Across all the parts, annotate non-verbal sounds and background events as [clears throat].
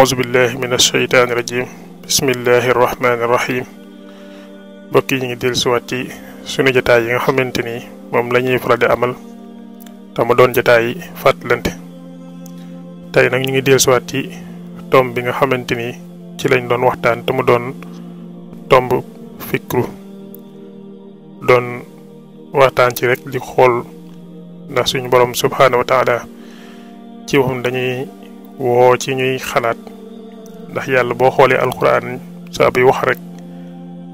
أعوذ بالله من الشيطان الرجيم بسم الله الرحمن الرحيم bokki ñi ngi del suwati sunu jatai yi nga xamanteni mom lañuy faral di amal ta mu doon jotaay fatlante tay nak ñu tom fikru doon waxtaan ci rek di xool ndax suñu borom subhanahu wa ta'ala ci woo ci ñuy xalaat ndax yàlla boo xoolee alquran sa bi wax rek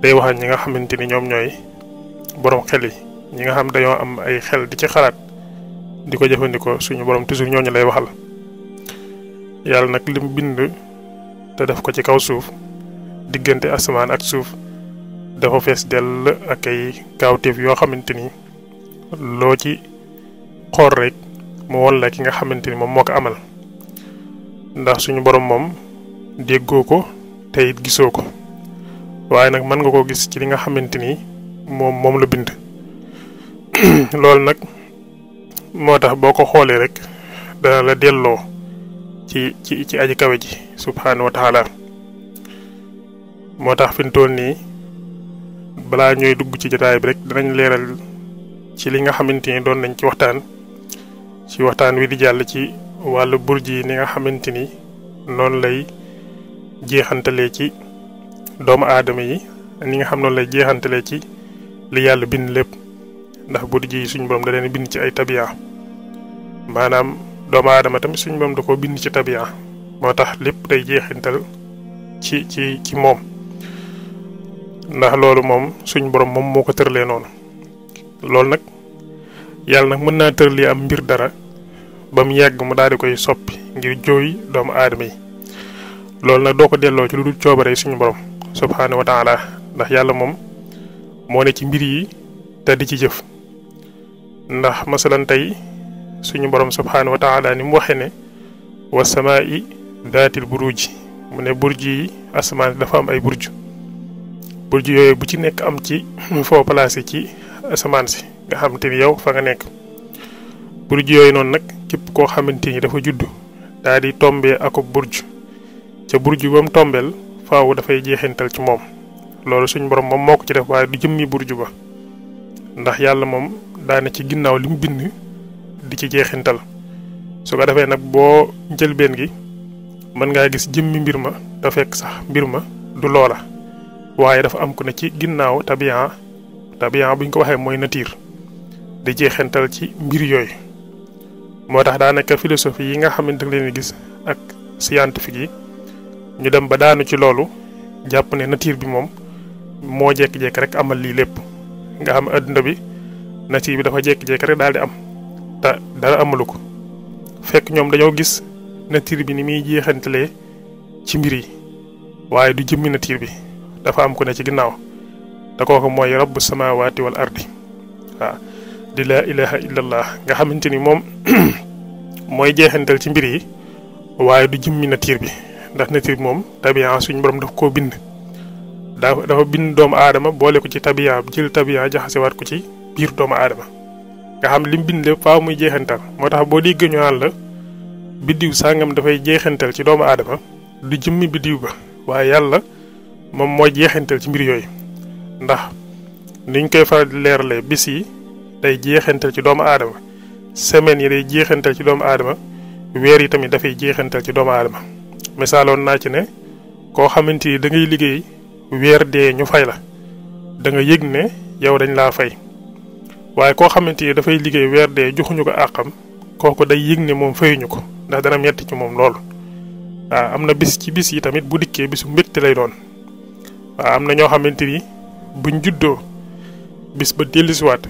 day wax ñi nga xamante ni ñoom ñooy borom xel yi ñi nga xam dañoo am ay xel di ci xalaat di ko jëfandikoo suñu borom toujours ñooñu lay waxal yàlla nag lim bind te def ko ci kaw suuf diggante asmaan ak suuf dafa fees dell ak ay kaawteef yoo xamante ni loo ci xor rek mu won la ki nga xamante ni moom moo ko amal. ndax suñu boroom moom déggoo ko te it gisoo ko waaye nag mën nga koo gis ci li nga xamante ni moom moom la bind [clears throat] loolu nag moo tax boo ko xoolee rek dana la delloo ci ci ci aji kawe ji subhaanahu moo tax fi mu toll nii balaa ñooy dugg ci jotaay bi rek danañ leeral ci li nga xamante ni doon nañ ci waxtaan ci waxtaan wi di jàll ci wàllu burji ni nga xamante ni noonu lay jeexantalee ci doomu aadama yi ni nga xam noonu lay jeexantalee ci li yàlla bind lépp ndax burj yi suñ borom da leen bind ci ay tabiya maanaam doomu aadama tamit suñ borom da ko bind ci tabiya moo tax lépp day jeexantal ci ci ci moom ndax loolu moom suñ borom moom moo ko tërlee noonu loolu nag yàlla mën naa am mbir dara. ba yàgg mu daal di koy soppi ngir jooy doomu aadama yi loolu nag doo ko delloo ci lu dul coobare suñu borom subhaanahu wa taala ndax yàlla moom moo ne ci mbir yi te di ci jëf ndax masalan tey suñu borom subhaanahu wa ni mu waxee ne wa samaa'i daatil buruji mu ne burji yi asamaan dafa am ay burju burju yooyu bu ci nekk am ci [clears throat] foo placé ci asamaan si nga xam te ni yow fa nga nekk burju yooyu noonu nag képp koo xamante ni dafa judd daa di tombee ak burj ca burj ba mu tombeel faaw dafay jeexintal ci moom loolu suñ borom moom moo ko ci def waaye du jëmmi burj ba ndax yàlla moom daana ci ginnaaw li mu bind di ci jeexintal su ko defee nag boo njëlbeen gi mën ngaa gis jëmmi mbir ma te fekk sax mbir ma du loola waaye dafa am ku ne ci ginnaaw tabian tabian buñ ko waxee mooy nature di jeexintal ci mbir yooyu moo tax daanaka philosophie yi nga xamante ne leen gis ak scientifique yi ñu dem ba daanu ci loolu jàpp ne nature bi moom moo jékki-jékki rek amal lii lépp nga xam adduna bi nature bi dafa jékki-jékki rek daal di am ta dara amalu ko fekk ñoom dañoo gis nature bi ni muy jeexantalee ci mbir yi waaye du jëmmi nature bi dafa am ku ne ci ginnaaw te kooku mooy rabbu samaawaati wal ardi waaw di laa ilaha illallah nga xamante ni moom [clears throat] mooy jeexantal ci mbir yi waaye du jëmmi nature bi ndax nature bi moom tabiya suñu borom daf ko bind. dafa dafa bind doomu aadama boole ko ci tabiya jël tabiya jaxasewaat ko ci biir doomu aadama nga xam li mu bind lépp faaw muy jeexantal moo tax boo déggee ñu naan la biddiw sàngam dafay jeexantal ci doomu aadama du jëmmi biddiw ba waaye yàlla moom mooy jeexantal ci mbir yooyu ndax niñ koy faral di bis yi. day jeexantal ci doomu aadama semaine yi day jeexantal ci doomu aadama weer yi tamit dafay jeexantal ci doomu aadama misaaloon naa ci ne koo xamante ni dangay liggéey weer dee ñu fay la danga nga yëg ne yow dañ laa fay waaye koo xamante ni dafay liggéey weer dee joxuñu ko àqam kooku day yëg ne moom fayuñu ko ndax dana metti ci moom lool. waaw am na bis ci bis yi tamit bu dikkee bisu mbégte lay doon waaw am na ñoo xamante ni buñ juddoo bis ba dellusiwaat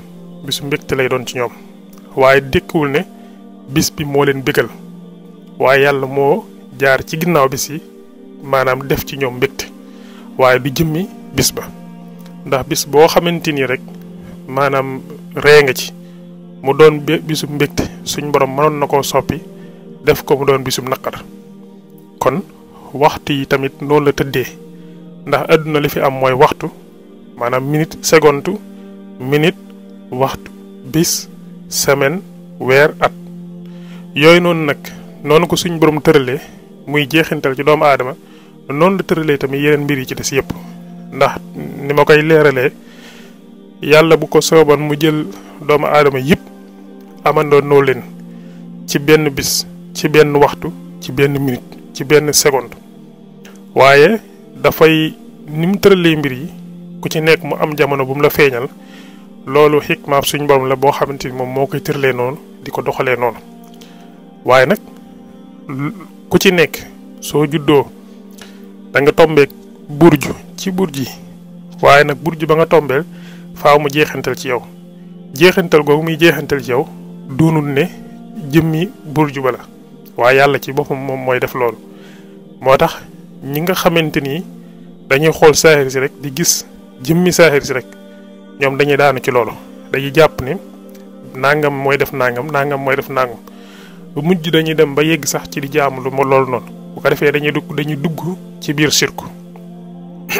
bisu mbégte lay doon ci ñoom waaye dékkuwul ne bis bi moo leen bégal waaye yàlla moo jaar ci ginnaaw bis yi maanaam def ci ñoom mbégte waaye bi jëmmi bis ba ndax bis boo xamante ni rek maanaam ree nga ci mu doon bisu mbégte suñ borom mënoon na ko soppi def ko mu doon bisum naqar kon waxtu yi tamit noonu la tëddee ndax àdduna li fi am mooy waxtu maanaam minute seconde minute waxtu bis semaine weer at yooyu noonu nag noonu ko suñ borom tëralee muy jeexintal ci doomu aadama noonu la tëralee tamit yeneen mbir yi ci des yëpp ndax ni ma koy leeralee yàlla bu ko sooban mu jël doomu aadama yëpp amandoo noo leen ci benn bis ci benn waxtu ci benn minute ci benn seconde waaye dafay ni mu tëralee mbir yi ku ci nekk mu am jamono bu mu la feeñal loolu xikmaam suñ borom la boo xamante ni moom moo koy tërlee noonu di ko doxalee noonu waaye nag ku ci nekk soo juddoo danga nga buur burju ci buur ji waaye nag buur burju ba nga tombeel faaw mu jeexantal ci yow jeexantal googu muy jeexantal ci yow doonul ne jëmmi burju ba la waaye yàlla ci boppam moom mooy def loolu moo tax ñi nga xamante ni dañuy xool saaxir rek di gis jëmmi saaxir si rek ñom dañuy daanu ci loolu dañuy jàpp ni nangam mooy def nangam nangam mooy def nangam bu mujj dañuy dem ba yegg sax ci di jaamu lu mo loolu noonu bu ko defee dañuy dugg dañuy dugg ci biir sirku [coughs]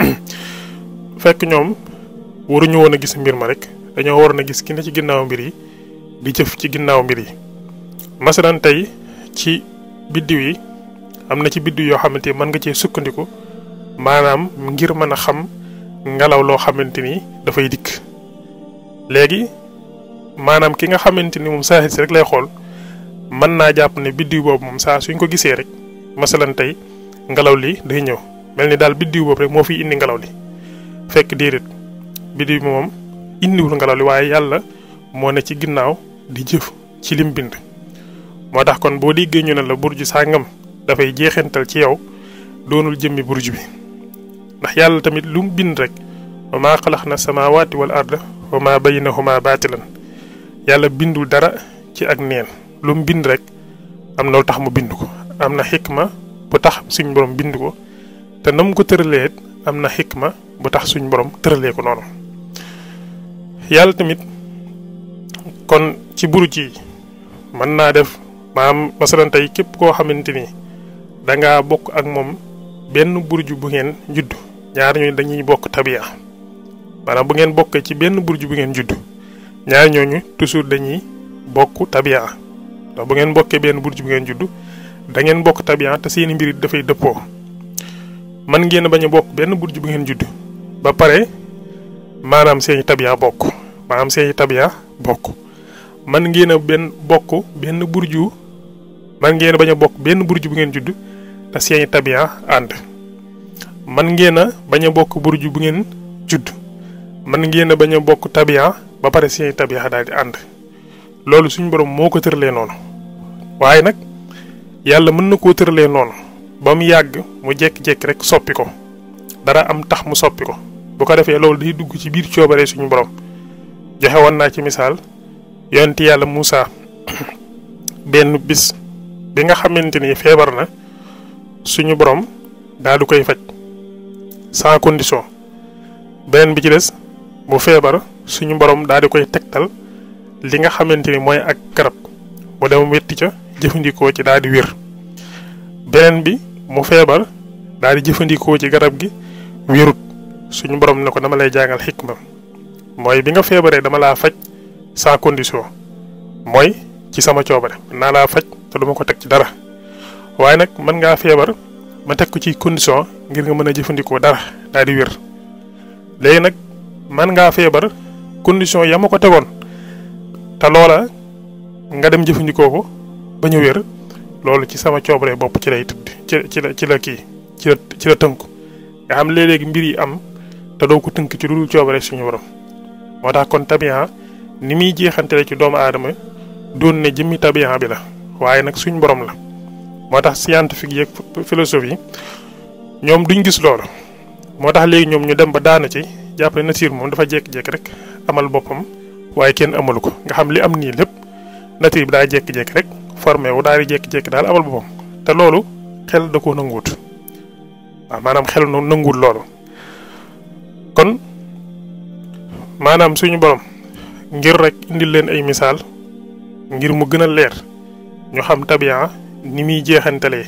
fekk ñoom waruñu woon a gis mbir ma rek dañoo waroon a gis ki ne ci ginnaaw mbir yi di jëf ci ginnaaw mbir yi masalan tey ci biddiw yi am ci biddu yoo xamante nga cee sukkandiku maanaam ngir mën a xam ngalaw loo xamante ni dafay dikk léegi maanaam ki nga xamante ni moom saa si rek lay xool mën naa jàpp ne biddiw boobu moom saa suñ ko gisee rek masalan tey ngelaw li day ñëw mel ni daal biddiw boobu rek moo fi indi ngelaw li fekk déedéet biddiw bi moom indiwul ngelaw li waaye yàlla moo ne ci ginnaaw di jëf ci lim bind. moo tax kon boo déggee ñu ne la burju sàngam dafay jeexantal ci yow doonul jëmmi burju bi ndax yàlla tamit lum bind rek wa maa xalax na samaawaati wal arda wa ma baynahuma baatilan yàlla bindul dara ci ak neen lu bind rek am na lu tax mu bind ko am na xikma bu tax suñ borom bind ko te nam ko tëralee am na xikma bu tax suñ borom tëralee ko noonu yàlla tamit kon ci buruj yi mën naa def maam masalan tey képp koo xamante ni danga bokk ak moom benn buruj bu ngeen judd ñaar ñooy dañuy bokk tabiya mana bu ngeen bokkee ci benn burju bu ngeen judd ñaar ñooñu toujours dañuy bokk tabia ndax bu ngeen bokkee benn burju bu ngeen judd da ngeen bokk tabia te seeni mbir dafay dëppoo man ngeen bañ a bokk benn burju bu ngeen judd ba pare maanaam seeni tabia bokk maanaam seeni tabia bokk man ngeen a benn bokk benn burju man ngeen bañ a bokk benn burju bu ngeen judd te seeni tabia ànd man ngeen a bañ a bokk burju bu ngeen judd man ngeen na bañ a tabia tabiya ba pare sey tabiya daal di and loolu suñ borom moo ko tëralee noonu waaye nag yàlla mën na koo noonu ba mu yàgg mu rek soppi ko dara am tax mu soppi ko bu ko defee loolu day dugg ci biir coobare suñu borom joxe woon naa ci misaal yonti yàlla Moussa [clears throat] benn bis bi nga xamante ni feebar na suñu borom daal du koy faj sans condition beneen bi ci des mu feebar suñu mborom daal di koy tegtal li nga xamante ni mooy ak garab mu dem wetti ca jëfandikoo ci daal di wér beneen bi mu feebar daal di jëfandikoo ci garab gi wérut suñu borom ne ko dama lay jàngal ma mooy bi nga feebaree dama laa faj sans condition mooy ci sama coobare naa laa faj te du ko teg ci dara waaye nag mën ngaa feebar ma teg ko ci condition ngir nga mën a jëfandikoo dara daal di wér léegi nag man nga feebar condition yamako tegon ta lola nga dem jëfandikoo ko ba ñu wër lolu ci sama coobare bop ci lay tëdd ci ci la ki ci la nga xam léeg am ta do ko tënk ci dul coobare suñu borom wata kon tabia ni mi jeexantele ci doom adama doon ne jëmmi tabian bi la waye nak suñu borom la motax scientifique yek philosophie ñom duñ gis loolu motax léegi ñu dem ba daana ci jàpp ne Nassir moom dafa jékki-jékki rek amal boppam waaye kenn amalu ko nga xam li am nii lépp Nassir bi daa jékki-jékki rek formé wu daal di jékki-jékki daal amal boppam te loolu xel da ko nanguwut waaw maanaam xel noonu nanguwut loolu kon maanaam suñu borom ngir rek indil leen ay misaal ngir mu gën a leer ñu xam tabiya ni muy jeexantalee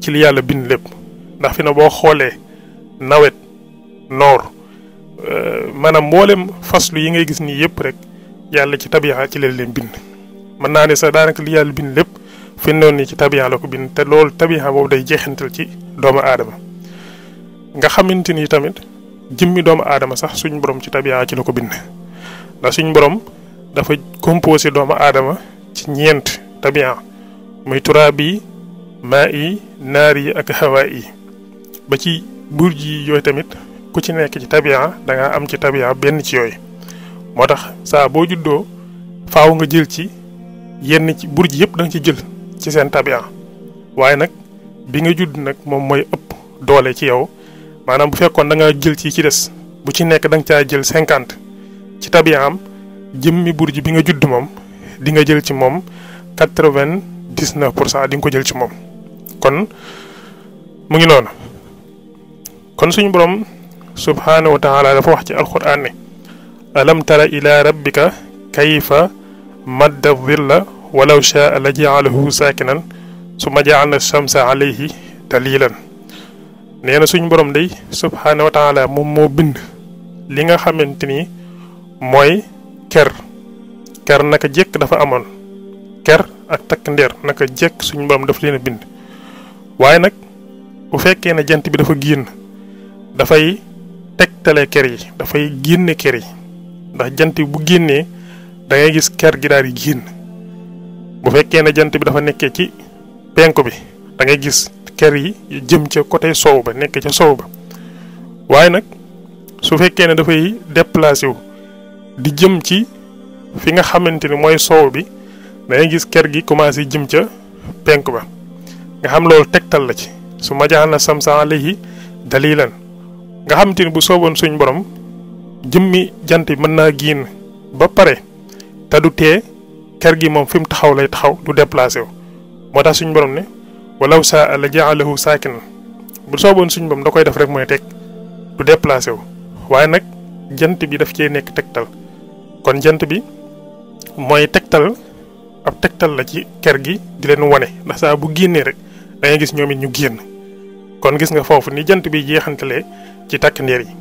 ci li yàlla bind lépp ndax fi na boo xoolee nawet noor. maanaam mboolem faslu yi ngay gis nii yëpp rek yàlla ci tabiya ci leen leen bind. mën naa ne sax daanaka li yàlla bind lépp fi noon ni ci tabiya la ko bind te loolu tabiya boobu day jeexantal ci doomu aadama nga xamante ni tamit jëmmi doomu aadama sax suñ borom ci tabiya ci la ko bind ndax suñ borom dafa composé doomu aadama ci ñeent tabiya muy turaab yi maa yi naar yi ak hawaa yi ba ci buur ji yooyu tamit. ku ci nekk ci tabia da nga am ci tabia benn ci yooyu moo tax saa boo juddoo faaw nga jël ci yenn ci burj yëpp da ci jël ci seen tabia waaye nag bi nga judd nag moom mooy ëpp doole ci yow maanaam bu fekkoon da nga jël ci ci des bu ci nekk da nga caa jël cinquante ci tabia am jëmmi burj bi nga judd moom di nga jël ci moom quatre-vingt-dix-neuf pour cent di nga ko jël ci moom kon mu ngi noonu kon suñu borom. subhaanahu wa taala dafa wax ci alquran ne alam tara ila rabbika kayfa madda dhilla walaw shaa la jaalahu saakinan suma jaalna shamsa alayhi dalilan na suñ borom day subhaanahu wa moom moo bind li nga xamante ni mooy ker ker naka jëkk dafa amoon ker ak takk ndeer naka jëkk suñ borom daf leen bind waaye nag bu fekkee ne jant bi dafa génn dafay tegtale ker yi dafay génne ker yi ndax jant bu génnee da ngay gis ker gi daal di génn bu fekkee ne jant bi dafa nekkee ci penk bi da ngay gis ker yi jëm ca côté sow ba nekk ca sow ba waaye nag su fekkee ne dafay déplacé wu di jëm ci fi nga xamante ni mooy sow bi da gis ker gi commencé jëm ca penk ba nga xam loolu tegtal la ci su ma jaaxal na samsa alayhi dalilan nga xam te bu sooboon suñ borom jëmmi jant bi mën naa génn ba pare te du tee ker gi moom fi mu taxaw lay taxaw du déplacé wu moo tax suñ borom ne walaw saa la jaalahu saakin bu sooboon suñ borom da koy def rek mooy teg du déplacé wu waaye nag jant bi daf cee nekk tegtal kon jant bi mooy tegtal ab tegtal la ci kër gi di leen wane ndax saa bu génnee rek da gis ñoom it ñu génn. kon gis nga foofu ni jant bi jeexantale ci takk ndeer yi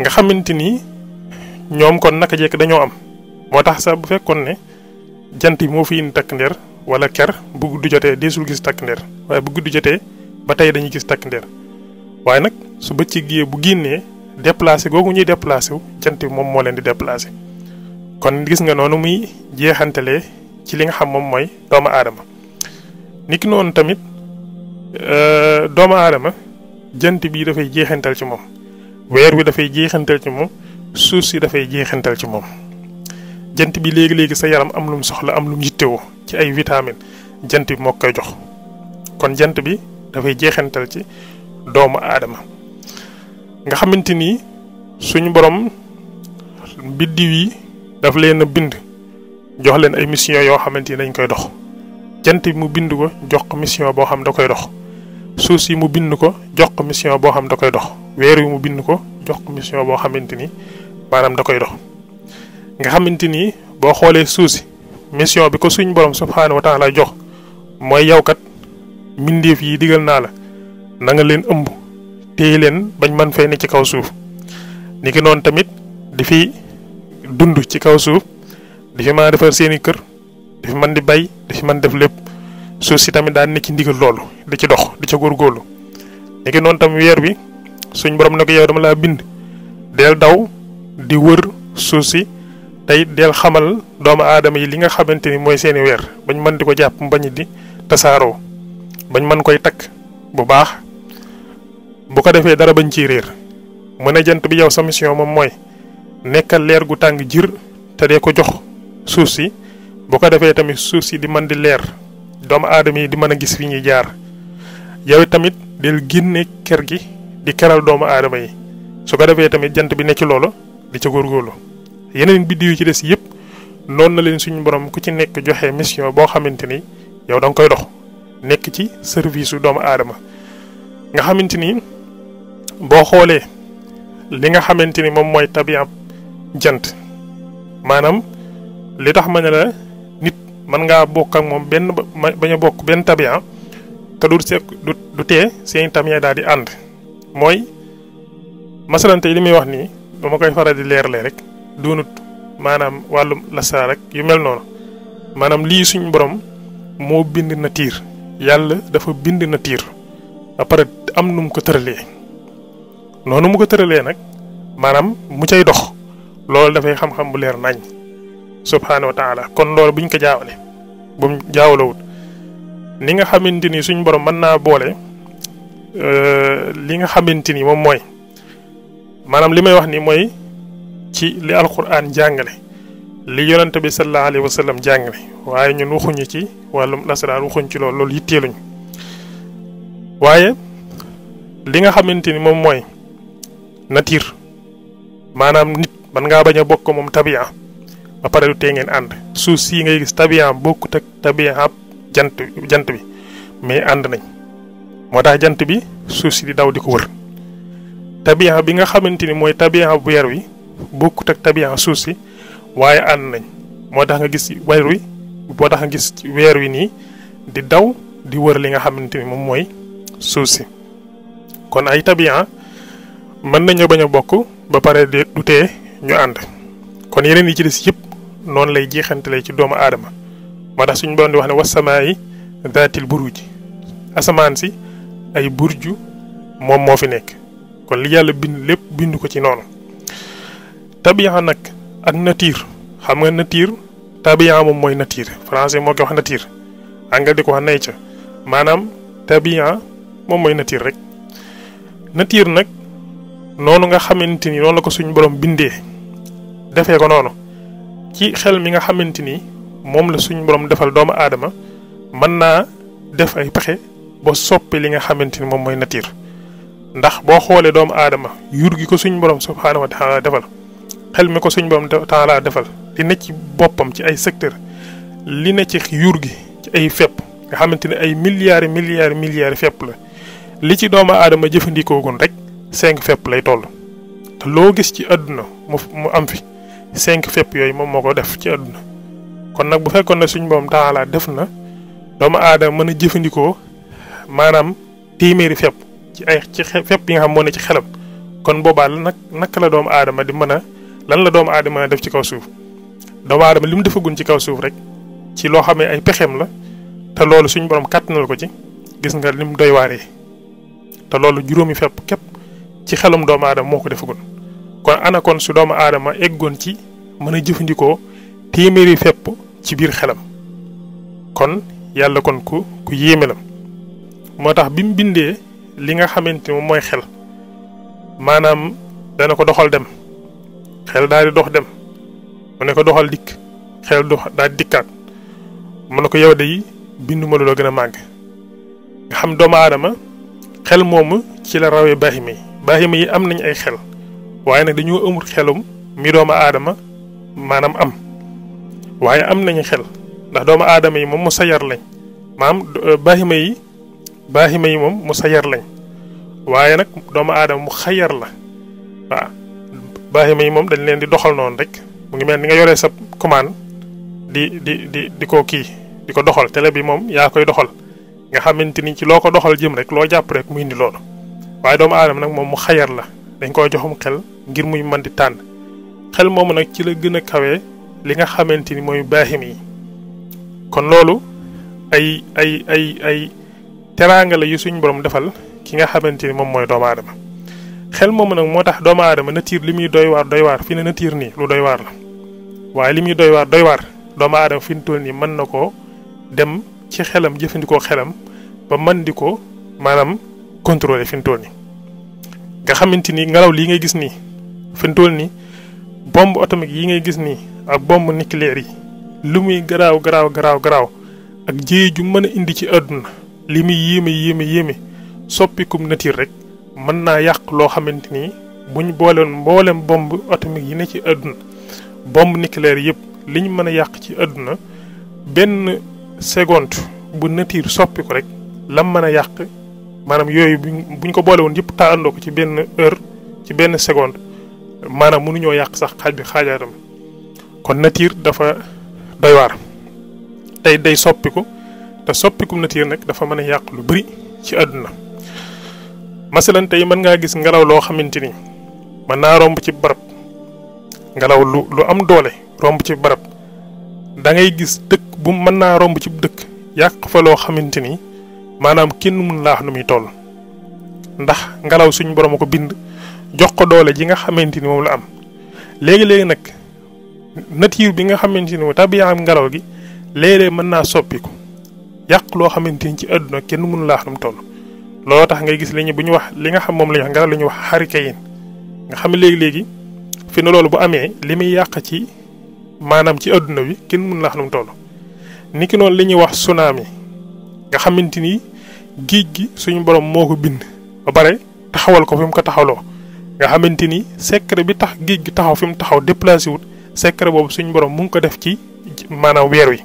nga xamante ni ñoom kon naka jekk dañoo am moo tax sax bu fekkoon ne jant yi moo fi indi takk ndeer wala ker bu guddi jotee deesul gis takk waaye bu guddi jotee ba tey dañuy gis takk waaye nag su bëccëg gi bu génnee déplacé googu ñuy déplacé wu jant bi moom moo leen di déplacé kon gis nga noonu muy jeexantale ci li nga xam moom mooy doomu aadama niki noonu tamit. Euh, doomu aadama jant bi dafay jeexantal ci moom weer wi dafay jeexantal ci moom suuf si dafay jeexantal ci moom jant bi léegi léegi sa yaram am lu mu soxla am lu mu yittewoo ci ay vitamine jant bi moo koy jox kon jant bi dafay jeexantal ci doomu aadama nga xamante ni suñu borom biddiw daf leen a bind jox leen mission yoo xamante ni dañ koy dox jant bi mu bind ko jox ko mission boo xam da koy dox. suuf si mu bind ko jox ko mission boo xam da koy dox weer wi mu bind ko jox ko mission boo xamante ni maanaam da koy dox nga xamante ni boo xoolee suuf si mission bi ko suñ borom subhaanahu wa taala jox mooy yow kat mbindeef yi digal naa la nanga leen ëmb téye leen bañ man fay ne ci kaw suuf ni ki noonu tamit di fi dund ci kaw suuf di fi mën defar seeni kër di fi mën di bay di fi man def lépp. suuf si tamit daan nekk ci ndigal loolu di ci dox di ca góorgóorlu léegi noonu tam weer bi suñ borom ne ko yow dama laa bind del daw di wër suuf si tey del xamal doomu aadama yi li nga xamante ni mooy seeni bañ mën di ko jàpp bañ di tasaaroo bañ mën koy takk bu baax bu ko defee dara bañ ciy réer mu ne jant bi yow sa mission moom mooy nekkal leer gu tàng jir te dee ko jox suuf bu ko defee tamit suuf di mën di leer doomu aadama yi di mën a gis fi ñuy jaar yow tamit del génne ker gi di keral doomu aadama yi su ko defee tamit jant bi ne ci loolu di ca góorgóorlu yeneen biddi yu ci des yépp noonu na leen suñu borom ku ci nekk joxe mission boo xamante ni yow da nga koy dox nekk ci service doomu aadama nga xamante ni boo xoolee li nga xamante ni moom mooy tabiab jant maanaam li tax ma man ngaa bokk ak moom benn bañ bokk benn tabiya te du sekk du du tee seen tabiya daal di ànd mooy masalante yi li muy wax nii dama koy faral di leerle rek doonut maanaam wàllum lasaar rek yu mel noonu maanaam lii suñ borom moo bind na tiir yàlla dafa bind na tiir ba am nu mu ko tëralee noonu mu ko tëralee nag maanaam mu cay dox loolu dafay xam-xam bu leer nañ subhaanahu wa taala kon loolu buñ ko jaawale ba mu jaawlawut ni nga xamante ni suñ borom mën naa boole li nga xamante ni moom mooy maanaam li may wax ni mooy ci li alquran jàngale li yonente bi sallallahu alayhi wa sallam waaye ñun waxuñu ci wàllum lasraar waxuñ ci loolu loolu yitteeluñu waaye li nga xamante ni moom mooy nature maanaam nit mën ngaa bañ a bokk moom tabia ba pare du tee and ànd suuf sii ngay gis tabiyaam bokkut ak tabiyaam jant jant bi mais and nañ motax jant bi suuf si di daw di ko wër tabiyaam bi nga xamanteni moy tabian tabiyaam weer wi bokkut ak tabiyaam suuf si waye and nañ motax nga gis wër wi motax nga gis wër wi ni di daw di wër li nga xamanteni mom moy suuf si kon ay tabiya man nañu baña bokku ba pare du tee ñu and kon yeneen yi ci noonu lay jeexantalee ci doomu aadama moo tax suñu doon di wax ne wasamaa yi daatil buruj asamaan si ay burju moom moo fi nekk kon li yàlla bind lépp bind ko ci noonu tabiya nag ak nature xam nga nature tabiya moom mooy natiir français moo koy wax nature anglais di ko wax nature maanaam tabiya moom mooy natiir rek natiir nag noonu nga xamante ni noonu la ko suñu borom bindee defee ko noonu ci xel mi nga xamante ni moom la suñu borom defal doomu aadama mën naa def ay pexe ba soppi li nga xamante ni moom mooy nature ndax boo xoolee doomu aadama yur gi ko suñu borom subhanahu wa taala defal xel mi ko suñu borom taala defal li ne ci boppam ci ay secteur li ne ci yur gi ci ay fepp nga xamante ne ay milliards milliards milliards fepp la li ci doomu aadama jëfandikoo gun rek 5 fepp lay toll te loo gis ci àdduna mu am fi. cinq fépp yooyu moom moo ko def ci àdduna kon nag bu fekkoon ne suñ borom taala def na doomu aadama mën a jëfandikoo maanaam téeméeri fépp ci ay ci fépp yi nga xam moo ne ci xelam kon boobaal la nag naka la doomu aadama di mën a lan la doomu aadama def ci kaw suuf doomu aadama li mu defagun ci kaw suuf rek ci loo xam ne ay pexeem la te loolu suñ borom kàttanal ko ci gis nga lim doy waaree te loolu juróomi fépp képp ci xelum doomu aadama moo ko defagun kon ana kon su doomu aadama eggoon ci mën a jëfandikoo téeméeri fepp ci biir xelam kon yàlla kon ku ku yéeme la moo tax bi mu bindee li nga xamante moom mooy xel maanaam dana ko doxal dem xel daal di dox dem mu ne ko doxal dikk xel dox daal di dikkaat mu ne ko yow day binduma lu la gën a màgg nga xam doomu aadama xel moomu ci la rawee baaxima yi baaxima yi am nañ ay xel waaye nag dañoo amul xelum mi doomu aadama maanaam am waaye am nañu xel ndax doomu aadama yi moom mu sayar lañ maam baaxima yi baaxima yi moom mu sayar lañ waaye nag doomu aadama mu xayar la waaw baaxima yi moom dañ leen di doxal noonu rek mu ngi mel ni nga yore sa commande di di di di ko kii di ko doxal tele bi moom yaa koy doxal nga xamante ni ci loo ko doxal jëm rek loo jàpp rek mu indi loolu waaye doomu aadama nag moom mu xayar la dañ koo joxum xel ngir muy mën di tànn xel moomu nag ci la gën a kawee li nga xamante ni mooy baaxim yi kon loolu ay ay ay ay teraanga la yu suñ borom defal ki nga xamante ni moom mooy doomu aadama xel moomu nag moo tax doomu aadama natiir li muy doy waar doy waar fi ne natiir nii lu doy waar la waaye li muy doy waar doy waar doomu aadama fi mu toll nii mën na koo dem ci xelam jëfandikoo xelam ba man di ko maanaam contrôler fi mu toll nii nga xamante ni ngelaw lii ngay gis nii fi mu toll nii bombe atomique yi ngay gis nii ak bombe nucléaire yi li muy garaaw garaaw garaaw garaaw ak jéey ju mën a indi ci adduna li muy yéeme yéeme yéeme soppikum nature rek mën naa yàq loo xamante ni buñ booleen mboolem bombe atomique yi ne ci àdduna bombe nucléaire yëpp liñ mën a yàq ci àdduna benn seconde bu nature soppi rek lam mën a yàq maanaam yooyu buñ ko boole woon yëpp taandoo ko ci benn heure ci benn seconde maanaam mënuñoo yàq sax xaaj bi xaajaatam kon nature dafa doy waar tey day soppiku te soppikum nature nag dafa mën a yàq lu bari ci àdduna masalan tey mën ngaa gis ngelaw loo xamante ni mën naa romb ci barab ngelaw lu lu am doole romb ci barab dangay gis dëkk bu mën naa romb ci dëkk yàq fa loo xamante ni. maanaam kenn mun laa wax nu muy toll ndax ngelaw suñ borom a ko bind jox ko doole ji nga xamante ni moom la am léegi-léegi nag nature bi nga xamante ni moom tabiyaam ngelaw gi léeg-léeg mën naa soppiku yàq loo xamante ni ci àdduna kenn mun laa wax nu mu toll tax ngay gis li ñu bu ñu wax li nga xam moom la ñu wax la ñuy wax hurricane nga xam léegi-léegi fi na loolu bu amee li muy yàq ci maanaam ci àdduna bi kenn mun laa wax nu mu toll niki noonu giij gi suñu borom moo ko bind ba pare taxawal ko fi mu ko taxawloo nga xamante ni secret bi tax géej gi taxaw fi mu taxaw déplacé wut secret boobu suñ borom mu ko def ci maanaam weer wi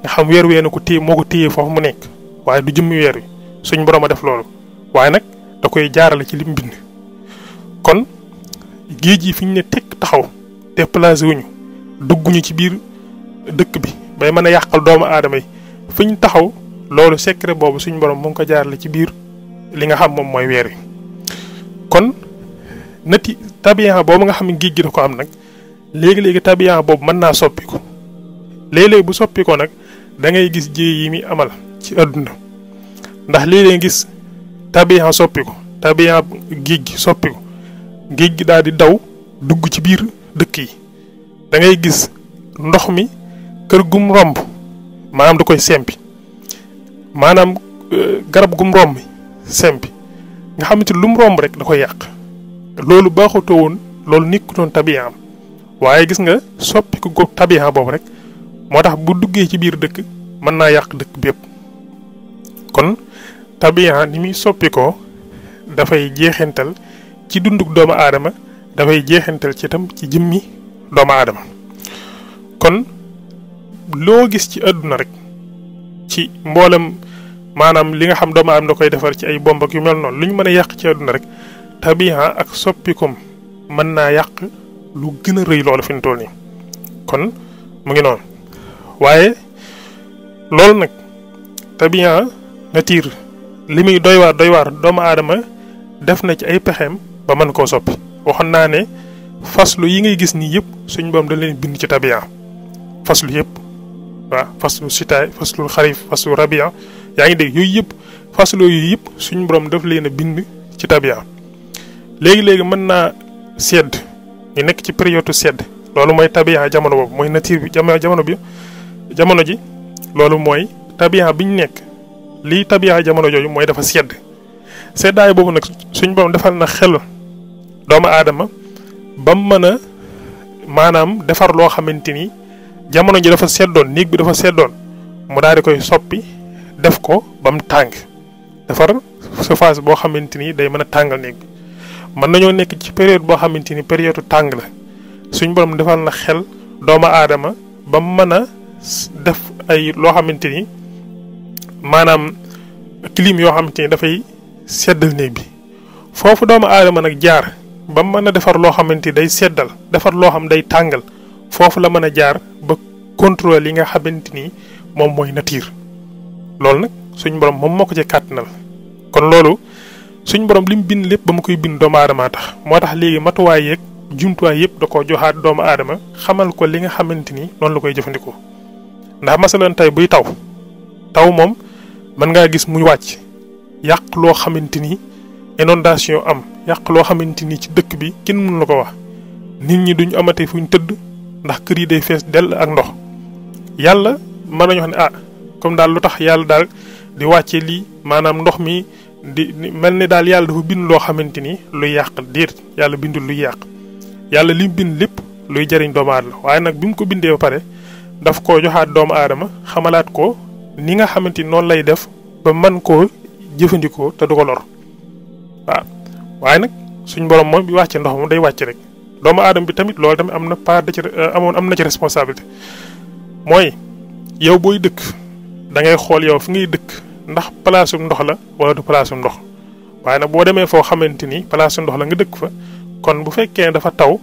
nga xam weer wee na ko téye moo ko téye foofu mu nekk waaye du jëmmi weer wi suñ borom a def loolu waaye nag da koy jaarale ci lim bind kon géej yi fi ñu ne tekk taxaw déplacé wuñu dugguñu ci biir dëkk bi bay mën a yàqal doomu aadama yi fi ñu taxaw. loolu secret boobu suñ borom mu ngi ko jaarale ci biir li nga xam moom mooy weer kon nati tabiya boobu nga xam ne géej gi da ko am nag léegi-léegi tabiya boobu mën naa soppiku léeg-léeg bu soppikoo nag da ngay gis jéey yi mi amal ci àdduna ndax léeg-léeg gis tabiya soppiku tabiya géej gi soppiku géej gi daal di daw dugg ci biir dëkk yi da ngay gis ndox mi kër gum romb maanaam da sempi maanaam euh, garab gu gum romb sempi nga xamante ni lu mu romb rek da koy yàq loolu baaxutoo woon loolu nekkutoon tabiyaam waaye gis nga soppi ko góob tabiya boobu rek moo tax bu duggee ci biir dëkk mën naa yàq dëkk bépp kon tabiya ni muy soppi ko dafay jeexental ci dunduk doomu aadama dafay jeexental ci itam ci jëmmi doomu aadama kon loo gis ci àdduna rek ci mboolem maanaam li nga xam doomu aadama da koy defar ci ay bomb ak yu mel noonu lu ñu mën a yàq ci àdduna rek tabiha ak soppikum mën naa yàq lu gën a rëy loolu fi ñu toll nii kon mu ngi noonu waaye loolu nag tabiha nature li muy doy waar doy waar doomu aadama def na ci ay pexeem ba mën koo soppi waxoon naa ne faslu yi ngay gis nii yëpp suñ boom da leen bind ci tabiha faslu yëpp. waaw faslu sitaay faslu xarif faslu rabia yaa ngi dégg yooyu yëpp faslu yooyu yëpp suñu boroom daf leen a bind ci tabia léegi-léegi mën naa sedd ñu nekk ci période sedd loolu mooy tabia jamono boobu mooy nature bi jamono bi jamono ji loolu mooy tabia bi ñu nekk lii tabia jamono jooju mooy dafa sedd seddaay boobu nag suñ borom defal na xel doomu aadama bam mën a maanaam defar loo xamante ni jamono ji dafa seddoon néeg bi dafa seddoon mu daal di koy soppi def ko ba mu tàng defar surface boo xamante ni day mën a tàngal néeg bi mën nañoo nekk ci période boo xamante ni période tàng la suñ borom defal na xel doomu aadama ba mën a def ay loo xamante ni maanaam clim yoo xamante ni dafay seddal néeg bi foofu doomu aadama nag jaar ba mën a defar loo xamante ni day seddal defar loo xam day tàngal foofu la mën a jaar ba contrôle yi nga xamante ni moom mooy nature loolu nag suñ borom moom moo ko ci kàttanal kon loolu suñ borom li mu bind lépp ba mu koy bind doomu aadama tax moo tax léegi matuwaay yeeg jumtuwaay yëpp da koo joxaat doomu aadama xamal ko li nga xamante ni noonu la koy jëfandikoo ndax masalan tey buy taw taw moom mën ngaa gis muy wàcc yàq loo xamante ni inondation am yàq loo xamante ni ci dëkk bi kenn mënu la ko wax nit ñi duñ amate ñu tëdd. ndax kër yi day fees dell ak ndox yàlla mën nañu wax ne ah comme daal lu tax yàlla daal di wàcce lii maanaam ndox mi di mel ni daal yàlla dafa bind loo xamante ni luy yàq diir yàlla bindul luy yàq yàlla li bind lépp luy jariñ doomu aadama waaye nag bi mu ko bindee ba pare daf koo joxaat doomu aadama xamalaat ko ni nga xamante ni noonu lay def ba man koo jëfandikoo te du ko lor waaw waaye nag suñ borom moom bi wàcce ndox moom day wàcc rek doomu aadama bi tamit loolu tamit am na part de ci euh, amoon am na ci responsabilité mooy yow booy dëkk da ngay xool yow fu ngay dëkk ndax palaasum ndox la wala du palaasum ndox waaye nag boo demee foo xamante ni palaasum ndox la nga dëkk fa kon bu fekkee dafa taw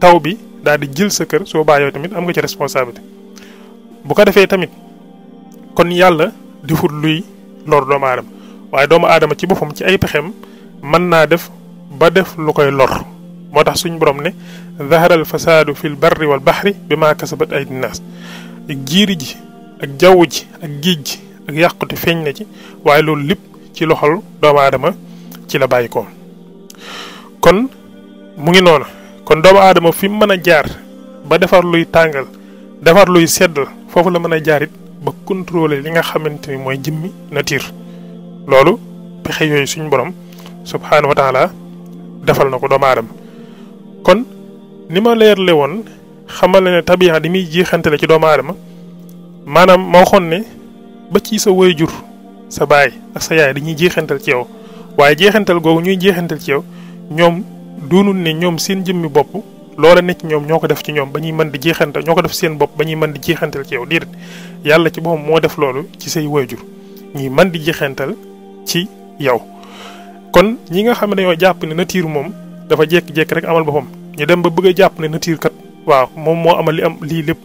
taw bi daal di jël sa kër soo bàyyoo tamit am nga ci responsabilité bu ko defee tamit kon yàlla di fut luy lor doomu aadama waaye doomu aadama ci boppam ci ay pexeem mën naa def ba def lu koy lor motax suñ borom ne zahara al fi al barri wal bahri bima kasabat aydi naas ak jiiri ji ak jaww ji ak géej ji ak yàqute feñ na ci waaye loolu lépp ci loxol doomu adama ci la bayiko kon mu ngi non kon doomu adama fi meuna jaar ba defar luy tàngal defar luy seddal fofu la meuna jaarit ba contrôler li nga xamanteni moy jimmi natir lolou pexey yoy suñ borom subhanahu wa taala defal nako ko doomu kon ni ma leerle woon xamal ne tabiya di muy jeexantale ci doomu aadama maanaam ma waxoon ne ba ci sa waajur sa baay ak sa yaay dañuy jeexantal ci yow waaye jeexantal googu ñuy jeexantal ci yow ñoom doonul ne ñoom seen jëmmi bopp loola ne ci ñoom ñoo ko def ci ñoom ba ñuy mën di jeexantal ñoo ko def seen ba ñuy mën di jeexantal ci yow déedéet yàlla ci boppam moo def loolu ci say waajur ñuy man di jeexantal ci yow kon ñi nga xam ne dañoo jàpp ne nature moom. dafa jékki-jékki rek amal boppam ñu dem ba bëgg a jàpp ne nature kat waaw moom moo amal li am lii lépp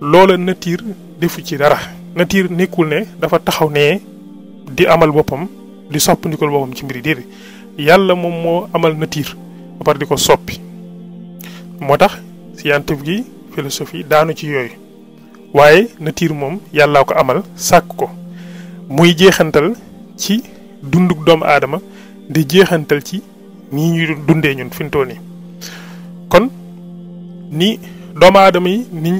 loola nature defu ci dara nature nekkul ne dafa taxaw ne di amal boppam di soppandikul boppam ci mbir yi déedéet yàlla moom moo amal nature ba pare ko soppi moo tax scientifique gi philosophie daanu ci yooyu waaye natiir moom yàllaa ko amal sàkk ko muy jeexantal ci dunduk doomu aadama di jeexantal ci nii ñu dundee ñun fi mu toll kon ni doomu aadama yi ni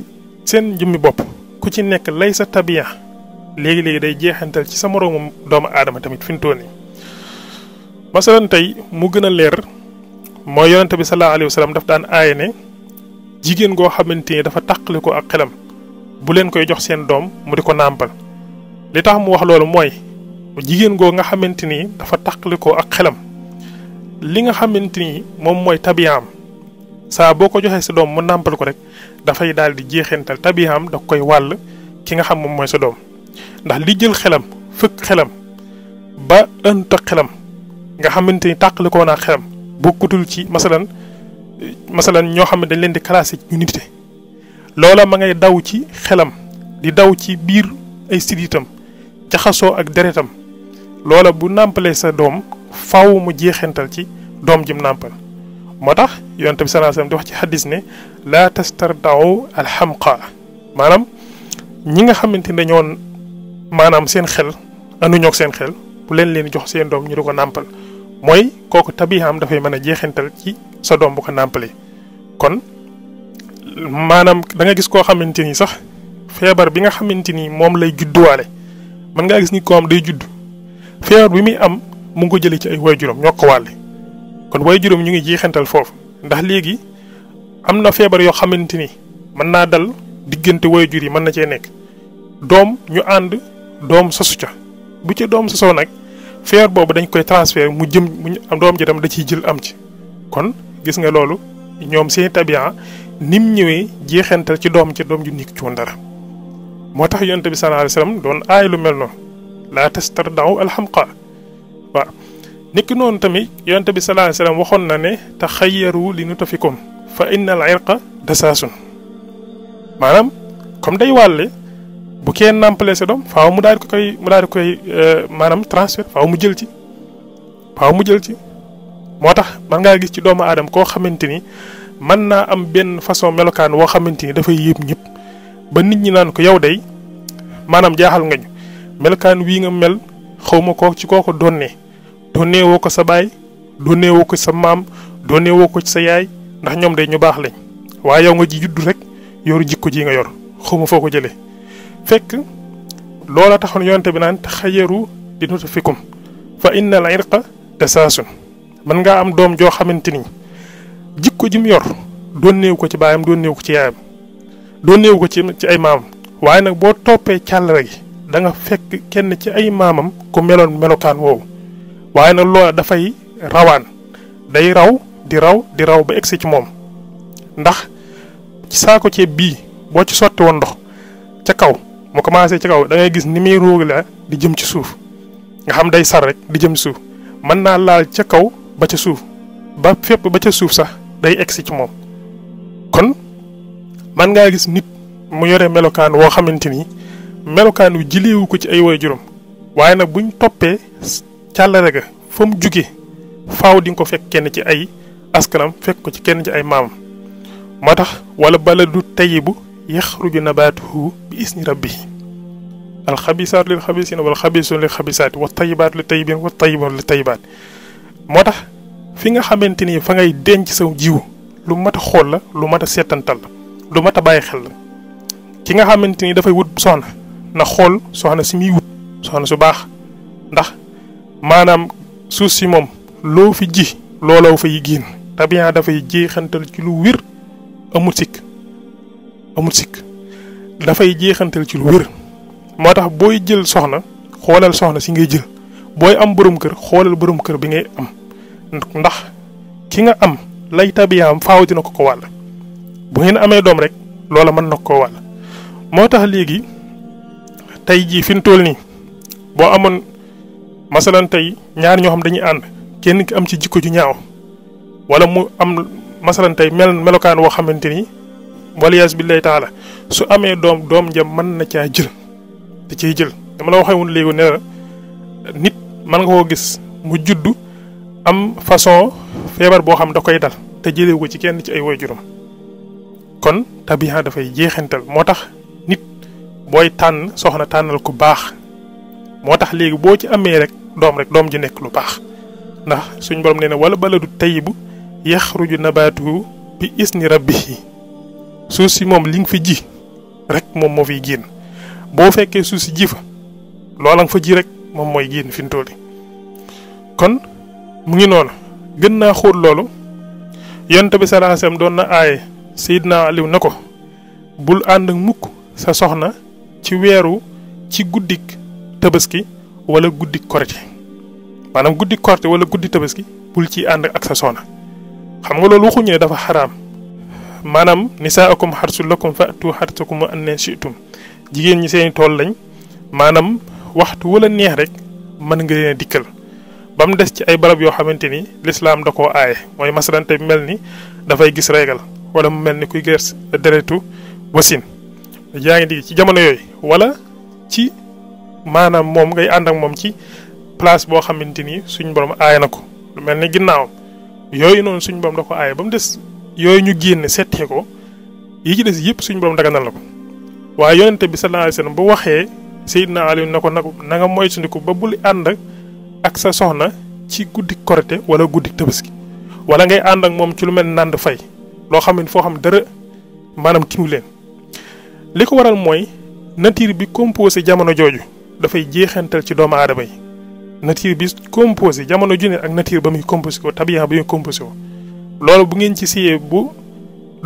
seen jëmmi bopp ku ci nekk lay sa tabiya léegi léegi day jeexantal ci sa moroomu doomu aadama tamit fi mu toll nii masalan tey mu gën a leer mooy yonente bi sallallahu alayhi wa daf daan aaye ne jigéen goo xamante ni dafa taqali ko ak xelam bu leen koy jox seen doom mu di ko nàmpal li tax mu wax loolu mooy jigéen goo nga xamante ni dafa taqali ko ak xelam. li nga xamante ni moom mooy tabiyaam saa boo ko joxee sa doom mu nàmpal ko rek dafay daal di jeexental tabiyaam da koy wàll ki nga xam moom mooy sa doom ndax li jël xelam fëkk xelam ba ënta xelam nga xamante ni tàqali ko naa xelam bokkutul ci masalan masalan ñoo xam ne dañ leen di classé ñu nite loola ma ngay daw ci xelam di daw ci biir ay siditam jaxasoo ak deretam loola bu nàmpalee sa doom faaw mu jeexental ci dom jim nampal motax tax yonent bi sallallahu alayhi wasallam di wax ci hadith ne la tastardau alhamqa manam ñi nga xamanteni dañoo manam seen xel anu ñok seen xel bu len leen jox seen dom ñu di ko nàmpal mooy kooku tabiyaam dafay mën a ci sa dom bu ko nàmpalee kon manam da nga gis ko xamanteni sax febar bi nga xamanteni mom lay juddu walé man nga gis ni ko am day juddu febar bi mi am mu ngi ko jëlee ci ay waajuram ñoo ko wàlle kon waajuram ñu ngi jeexantal foofu ndax léegi am na feebar yoo xamante ni mën naa dal diggante waajur yi mën na cee nekk doom ñu ànd doom sosu ca bu ca doom sosoo nag feebar boobu dañ koy transfert mu jëm mu doom ji tam da ciy jël am ci kon gis nga loolu ñoom seen tabian nim ñëwee jeexantal ci doom ci doom ju nikk ci woon dara moo tax yonte bi sallallahu alayhi wasallam doon aay lu mel noonu laa tastardaw alxamqa waaw niki noonu tamit yonent bi sallallahu alayhi wasallam waxoon na ne xay taxayyaru li nutafikum fa innal irqa dasaasun maanaam comme day wàlle bu kenn nàmpale sa doom faaw mu daal ko koy mu daal di koy euh, maanaam transfert faaw mu jël ci mu jël ci moo tax man ngaa gis ci doomu aadama koo xamante ni mën naa am benn façon melokaan woo xamante ni dafay yéem ñëpp ba nit ñi naan ko yow day maanaam jaaxal nga ñu melokaan wii nga mel xaw koo ci koo ko donnee doonee woo ko sa baay doonee woo ko sa maam doonee woo ko sa yaay ndax ñoom day ñu baax lañ waaye yow nga ji juddu rek yoru jikko ji nga yor xawma foo ko jëlee fekk loola taxoon yonte bi naan taxayaru di nuta fikum fa inna al irqa tasaasun mën ngaa am doom joo xamante ni jikko ji mu yor doonneewu ko ci baayam doonneewu ko ci yaayam doonneewu ko ci ci ay maamam waaye nag boo toppee càllare gi danga fekk kenn ci ay maamam ku meloon melokaan woowu waaye nag loola dafay rawaan day raw di raw di raw ba egsi ci moom ndax saako ceeb bii boo ci sotti woon ndox ca kaw mu commencé ci kaw da ngay gis ni muy ruugi la di jëm ci suuf nga xam day sar rek di jëm ci suuf mën naa laal ca kaw ba ca suuf ba fépp ba ca suuf sax day egsi ci moom kon man ngaa gis nit mu yore melokaan woo xamante ni melokaan wi jileewu ko ci ay juróom waaye nag buñ toppee càllale ga fa mu jugee faaw di nga ko fekk kenn ci ay askanam fekk ko ci kenn ci ay maamam moo tax wala baladu tayibu yaxruju nabaatuhu bi isni rabbihi alxabisaatu lil xabisiina wal xabisuun lil xabisaati wa tayibaatu li tayibiin wa tayiboon li tayibaat moo tax fi nga xamante fa ngay denc sa jiwu lu mat a la lu mat a la lu mat a xel la ki nga xamante dafay wut soxna na xool soxna si muy wut soxna su baax ndax maanaam suuf si moom loo fi ji looloo fay génn tabian dafay jeexantal ci lu wér amut sikk amut sikk dafay jéexantal ci lu wér moo tax booy jël soxna xoolal soxna si ngay jël booy am borom kër xoolal borom kër bi ngay am ndax ki nga am lay tabiyaam faaw dina ko ko wàll bu ngeen amee doom rek loolo mën na ko wàll moo tax léegi tey jii fi toll nii boo amoon masalan tey ñaar ñoo xam dañuy ànd kenn ki am ci jikko ju ñaaw wala mu am masalan tey mel melokaan woo xamante ni waliyaas billahi taala su amee doom doom ja mën na caa jël te ciy jël dama la waxee woon léegi ne la nit mën nga koo gis mu juddu am façon feebar boo xam da koy dal te jëlee ko ci kenn ci ay waajuram kon tabiha dafay jeexantal moo tax nit booy tànn soxna tànnal ku baax moo tax léegi boo ci amee rek doom rek doom ji nekk lu baax ndax suñ borom nee na wala baladu tayyibu yaxruju nabaatuhu bi isni rabbihi suuf si moom li fi ji rek moom moo fiy génn boo fekkee suuf si ji fa loola fa ji rek moom mooy génn fi mu toll kon mu ngi noonu gën naa xóot loolu yonent bi sallallahu alayhi doon na aaye na Aliou na ko bul ànd ak mukk sa soxna ci weeru ci guddik tabaski wala guddi korite maanaam guddi korite wala guddi tabaski bul ci ànd ak sa soxna xam nga loolu waxuñu ne dafa xaraam maanaam nisaakum xarsul lakum fa'tu xarsakum wa anna shi'tum jigéen ñi seeni tool lañ maanaam waxtu wala neex rek mën nga leen a dikkal ba mu des ci ay barab yoo xamante ni lislaam da koo aaye mooy masalante mel ni dafay gis reegal wala mu mel ni kuy gers deretu wasin yaa ngi digi ci jamono yooyu wala ci maanaam moom ngay ànd ak moom ci place boo xamante ni suñ borom aay na ko lu mel ne ginnaaw yooyu noonu suñ borom da ko aay ba mu des yooyu ñu génne settee ko yi ci des yëpp suñ borom na la ko waaye yonente bi sa alayhi wasallam bu waxee Seydina Aliou na ko na na nga moytandiku ba bul ànd ak sa soxna ci guddi korite wala guddi tabaski wala ngay ànd ak moom ci lu mel nànd fay loo xam foo xam dara maanaam tinu leen li ko waral mooy nature bi composé jamono jooju dafay jeexantal ci doomu aadama yi nature bi composé jamono ju ne ak nature ba muy composé ko tabiya ba muy composé ko loolu bu ngeen ci siyee bu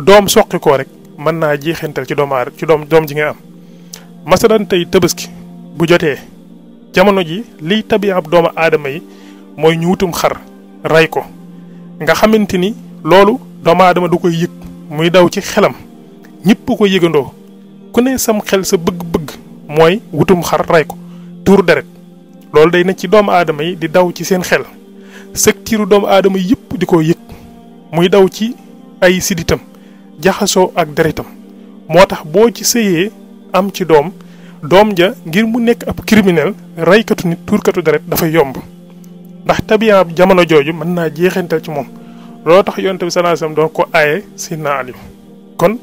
doom soqi koo rek mën naa jeexantal ci doomu aadama ci doom doom ji nga am tey tabaski bu jotee jamono ji liy tabiya doomu aadama yi mooy ñu wutum xar rey ko nga xamante ni loolu doomu aadama du koy yëg muy daw ci xelam ñëpp ko yëgandoo ku ne sam xel sa bëgg-bëgg mooy wutum xar rey ko tuur deret loolu day ne ci doomu aadama yi di daw ci seen xel sectiru doomu aadama yëpp di ko yëg muy daw ci ay siditam jaxasoo ak deretam moo tax boo ci sëyee am ci doom doom ja ngir mu nekk ab criminel reykatu nit tuurkatu deret dafay yomb ndax tabiya ab jamono jooju mën naa jeexantal ci moom looloo tax yonte bi sallallahu alayhi doon ko aaye si naa kon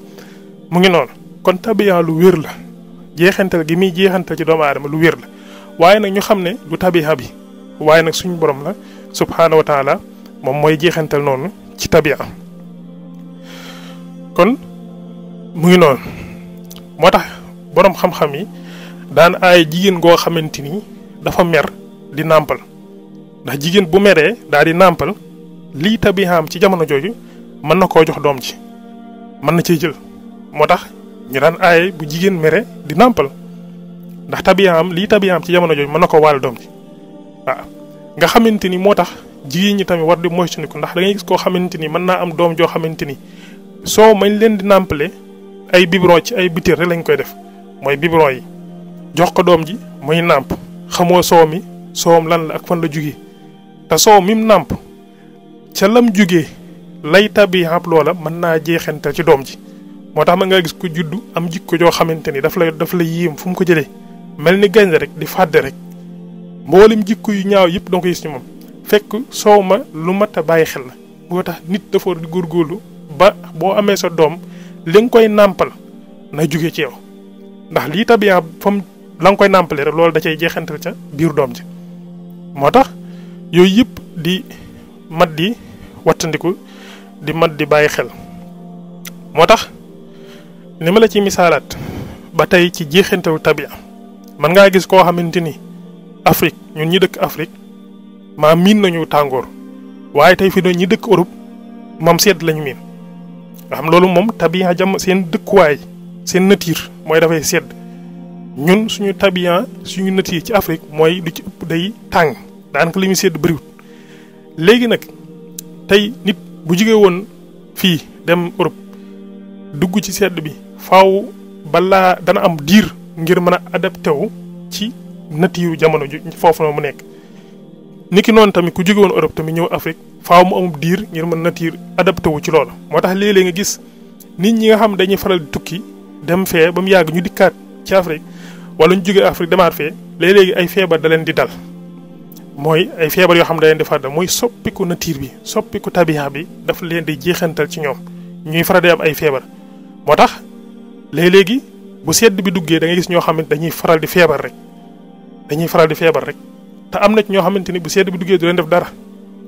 mu ngi noonu kon tabiya lu wér la jeexantal gi muy jeexantal ci doomu adama lu wér la waaye nag ñu xam ne lu tabiha bi waaye nag suñu boroom la subhaanahu wa taala moom mooy jeexantal noonu ci tabiha kon muy ngi noonu moo tax boroom xam-xam yi daan aay jigéen goo xamante ni dafa mer di nàmpal ndax jigéen bu meree daal di nàmpal lii tabihaam ci jamono jooju mën na koo jox doom ji mën na cee jël moo tax ñu daan aaye bu jigéen mere di nàmpal ndax tabiyaam lii tabiyaam ci jamono jooju mën na ko waal doom ji waaw ah, nga xamante ni moo tax jigéen ñi tamit war di ko ndax da ngay gis koo xamante ni mën naa am doom joo xamante ni soo mañ leen di nàmpale ay biberon ci ay butéel rek lañ koy def mooy biberon yi jox ko doom ji muy nàmp xamoo soow mi soowam lan la ak fan la jugee te mim nàmp ca lam jugee lay tabiyaam loola mën naa jeexantal ci doom ji motax tax ma nga gis ko juddu am jikko jo xamanteni daf la daf la yim fum ko jele melni ni rek di fadde rek mbolim jikko yu ñaaw yep danga ko gis ci mom fekk sooma lu mata xel motax nit dafa di gorgolu ba bo amé sa dom li koy nampal na jóge ci yow ndax li tabiya fam la koy nàmpale rek loolu da cey jeexantal ca biir dom ci motax yoy yep di maddi di di maddi di xel motax ni ma la ci misaalaat ba tey ci jeexintalu tabia mën ngaa gis koo xamante ni Afrique ñun ñi dëkk Afrique maa miin nañu tàngoor waaye tey fi doon ñi dëkk orop moom sedd lañu miin nga xam loolu moom tabia jàmm seen dëkkuwaay seen nature mooy dafay sedd ñun suñu tabia suñu nature ci Afrique mooy lu ci ëpp day tàng daanaka li muy sedd bëriwut léegi nag tey nit bu jugee woon fii dem Europe dugg ci sedd bi faaw balaa dana am diir ngir mën a adapté wu ci natiiru jamono ju foofu na mu nekk. niki noonu tamit ku jóge woon Europe tamit ñëw Afrique faaw mu amub diir ngir mën natiir adapté wu ci loolu moo tax léeg-léeg nga gis nit ñi nga xam dañuy faral di tukki dem fee ba mu yàgg ñu dikkaat ci Afrique wala ñu jóge Afrique demaat fee léeg-léegi ay feebar da leen di dal. mooy ay feebar yoo xam ne da leen di faral mooy soppiku natiir bi soppiku tabiya bi dafa leen di jeexantal ci ñoom ñuy faral am ay feebar léeg-léegi bu sedd bi duggee da ngay gis ñoo xam ne dañuy faral di feebar rek dañuy faral di feebar rek te am na ñoo xamante ni bu sedd bi duggee du leen def dara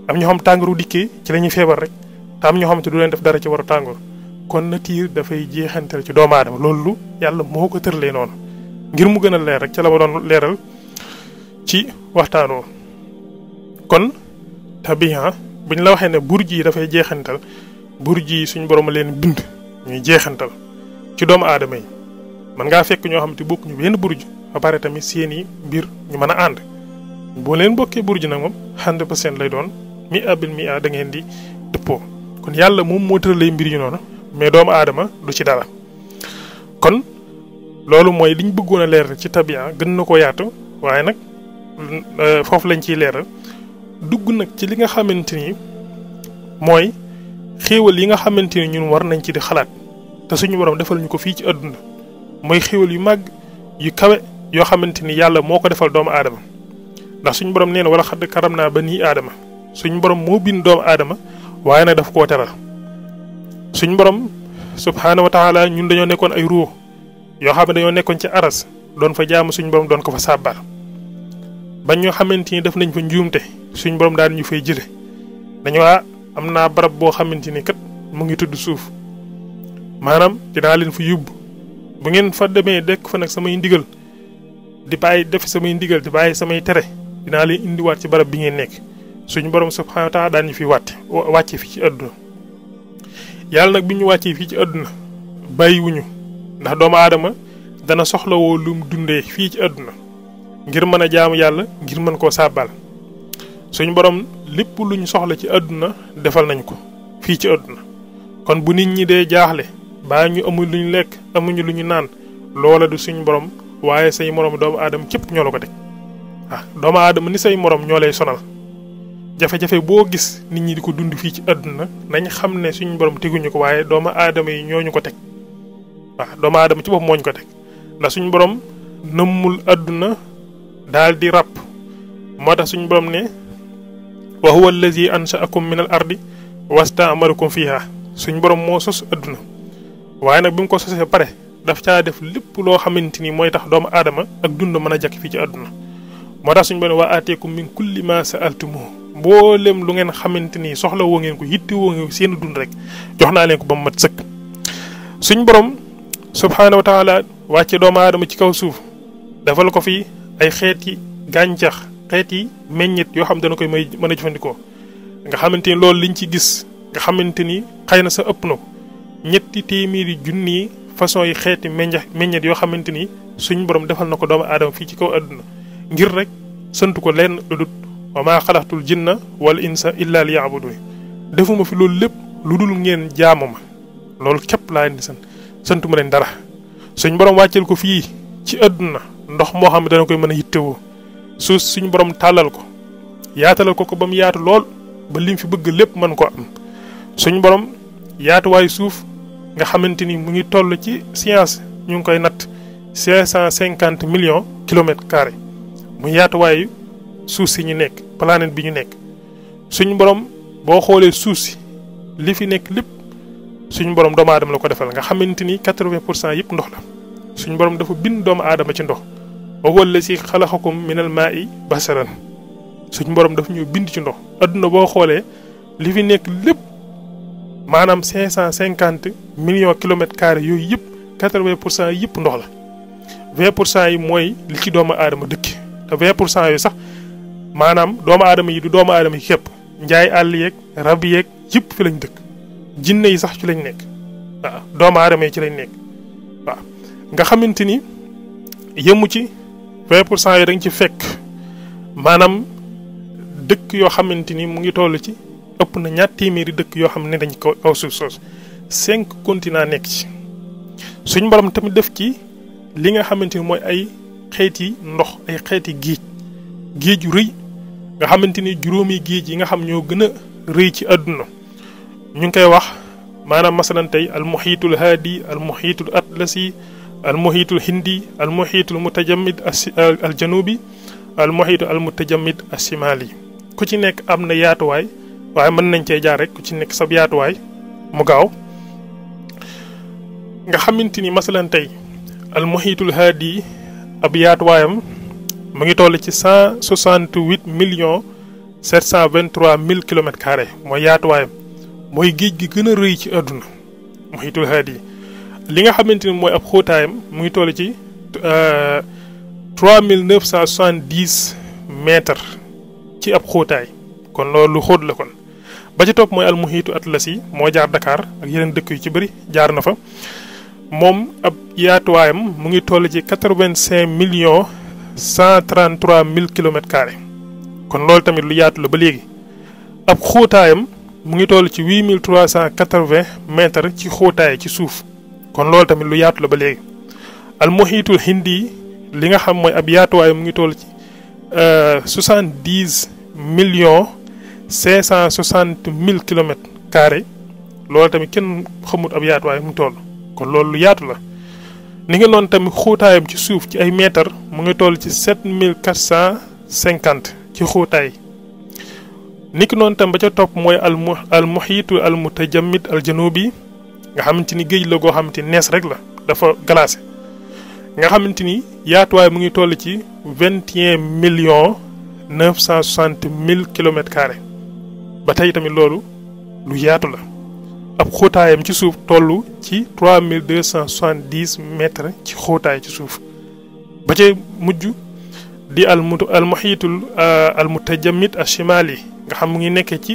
am ñoo xam tàngooru dikkee ci la ñuy feebar rek te am ñoo xamante du leen def dara ci war tàngoor kon nature dafay jeexantal ci doomu aadama loolu yàlla moo ko tërlee noonu ngir mu gën a leer rek ca la ma doon leeral ci waxtaanoo kon tabian buñ la waxee ne burj yi dafay jeexantal burj yi suñu borom a leen bind ñuy jeexantal ci doomu aadama yi man ngaa fekk ñoo xam te ñu benn buruj ba pare tamit seen i mbir ñu mën a ànd boo leen bokkee buruj nag moom 100% lay doon mi abil mi da ngeen di dëppoo kon yàlla moom moo tëralee mbir yu noonu mais doomu aadama du ci dala kon loolu mooy liñ bëggoon a leeral ci tabia gën na ko yaatu waaye nag euh, foofu lañ ciy leeral dugg nag ci li nga xamante ni mooy xéewal yi nga xamante ni ñun war nañ ci di xalaat te suñu borom defal ñu ko fii ci àdduna mooy xéwal yu mag yu kawe yoo xamante ni yàlla moo ko defal doomu aadama ndax suñu borom nee na wala xadd karam naa ba nii aadama suñ borom moo bind doomu aadama waaye nag daf koo teral suñu borom subhaana wa taala ñun dañoo nekkoon ay ruux yoo xam dañoo nekkoon ci aras doon fa jaamu suñ borom doon ko fa sàbbar bañ ñoo xamante ni def nañ fa njuumte suñu borom daan ñu fay jële dañ waa ah, am naa barab boo xamante ni kat ngi tudd suuf. maanaam dinaa leen fa yóbbu bu ngeen fa demee dekk fa nag samay ndigal di bàyyi def samay ndigal di bàyyi samay tere dinaa leen indiwaat ci barab bi ngeen nekk suñu borom subhaanahu wa taala daan ñu fi wàtte wàcce fii ci àdduna yàlla nag bi ñu wàccee fii ci àdduna bàyyiwuñu ndax doomu aadama dana soxlawoo lum dundee fii ci àdduna ngir mën a jaamu yàlla ngir mën koo sàbbal suñu borom lépp luñ soxla ci àdduna defal nañu ko fii ci àdduna kon bu nit ñi dee jaaxle mbaa ñu amul lu ñu lekk amuñu naan loola du suñ borom waaye say morom doom adam képp ñolo ko tek ah doom adam ni say morom ñolay sonal jafé jafé bo gis nit ñi diko dund fi ci aduna nañ xamné suñ borom teguñu ko waye doom adam yi ñooñu ko tek ah doom adam ci bop moñ ko tek na suñ borom aduna dal di rap mata suñ borom ne wa huwa allazi anshaakum min al ardi wastaamarakum fiha suñ borom mo sos aduna waaye nag bi mu ko sosee pare daf caa def lépp loo xamante ni mooy tax doomu aadama ak dund mën a jakk fii ci àdduna moo tax suñu borom waa aateekum min kulli ma sa'altumuhu mboolem lu ngeen xamante ni soxla woo ngeen ko yitte woo ngeen seen dund rek jox naa ko ba mu mat sëkk suñ borom subhaanahu wa taala wàcce doomu aadama ci kaw suuf defal ko fi ay xeet xeeti gàncax yi meññit yoo xam dana koy may mën a jëfandikoo nga xamante ni loolu liñ ci gis nga xamante ni xëy na sa ëpp na ko ñetti téeméeri junni façon yi xeeti meññex meññeet yoo xamante ni suñ borom defal na ko doomu aadama fii ci kaw àdduna ngir rek sant ko lenn du dul wa maa xalaxtul jinna wal insa illa li yaabudu defuma fi loolu lépp lu dul ngeen jaamu ma loolu képp laa indi di sant santuma leen dara suñ borom wàcceel ko fii ci àdduna ndox moo xam ne dana koy mën a yittewoo suuf suñu borom tàllal ko yaatalal ko ko ba mu yaatu lool ba lim fi bëgg lépp mën koo am suñu borom yaatuwaayu nga xamante ni mu ngi toll ci science ñu ngi koy natt cinq cent cinquante millions kilomètres carrés mu yaatuwaayu suuf si ñu nekk planète bi ñu nekk suñu borom boo xoolee suuf si li fi nekk lépp suñ borom doomu aadama la ko defal nga xamante ni quatre-vingt pour cent yëpp ndox la suñu borom dafa bind doomu aadama ci ndox wa huwa allazi xalaqakum minal maa'i basharan suñu borom dafa ñu bind ci ndox aduna boo xoolee li fi nekk lépp. maanaam cinq cent cinquante million kilomètres carrés yooyu yëpp quatre vingt pour cent yëpp ndox la pour cent yi mooy li ci doomu aadama dëkk te pour cent yooyu sax maanaam doomu aadama yi du doomu aadama yi képp njaay àll yeeg rab yeeg yëpp fi lañ dëkk jinne yi sax ci lañ nekk waaw doomu aadama yi ci lañ nekk waaw nga xamante ni yëmu ci vingt pour cent yi da nga ci fekk maanaam dëkk yoo xamante ni mu ngi toll ci ëpp na ñaar téeméeri dëkk yoo xam ne dañ ko aw suuf soosu cinq continent nekk ci suñ borom tamit def ci li nga xamante ni mooy ay xeeti ndox ay xeeti géej géej yu rëy nga xamante ni juróomi géej yi nga xam ñoo gën a rëy ci àdduna ñu ngi koy wax maanaam masalan tey al muhiitul haadi al muhiitul atlasi al muhiitul hindi al muhiitul mutajamid al janubi al muhiitu al mutajamid asimali ku ci nekk am na yaatuwaay waaye mën nañ cee jaar rek ci nekk sab yaatuwaay mu gaaw nga xamante ni masalan tey al muhitul haadi ab yaatuwaayam mu ngi toll ci cent soixante huit millions sept vingt trois mille kilomètres carrés mooy yaatuwaayam mooy géej gi gën a rëy ci àdduna muhitul haadi li nga xamante ni mooy ab xóotaayam mu ngi toll ci euh, trois mille neuf cent soixante dix ci ab xóotaay kon loolu xóot la kon ba ci topp mooy almuhiitu atlasi moo jaar dakaar ak yeneen dëkk yu ci bëri jaar na fa moom ab yaatuwaayam mu ngi toll ci quatre-vingt-cinq millions cent trente mille kilomètres carrés kon loolu tamit lu yaatula ba léegi ab xóotaayam mu ngi toll ci huit mille trois cent quatre ci xóotaay ci suuf kon loolu tamit lu yaatu la ba léegi almuhiitul hindi li nga xam mooy ab yaatuwaayam mu ngi toll ci euh, soixante-dix millions cinq cent soixante mille kilomètres carré loolu tamit kenn xamut ab yaatuwaay mu toll kon loolu yaatu la ni nga noon tamit xuutaayam ci suuf ci ay mètres mu ngi toll ci sept mille quatre cent cinquante ci xuutaay ni ki noonu tam ba ca topp mooy al mu al muhiitu al mutajammid al janubi nga xamante ni géej la goo xamante ni nees rek la dafa glacé nga xamante ni yaatuwaay mu ngi toll ci vingt et un cent soixante mille kilomètres carrés ba tey tamit loolu lu yaatu la ab xóotaayam ci suuf toll ci trois mille deux cent soixante dix mètres ci xóotaay ci suuf ba ca mujj di almut almuhiitul euh, almutajamit ashimali nga xam mu ngi nekkee ci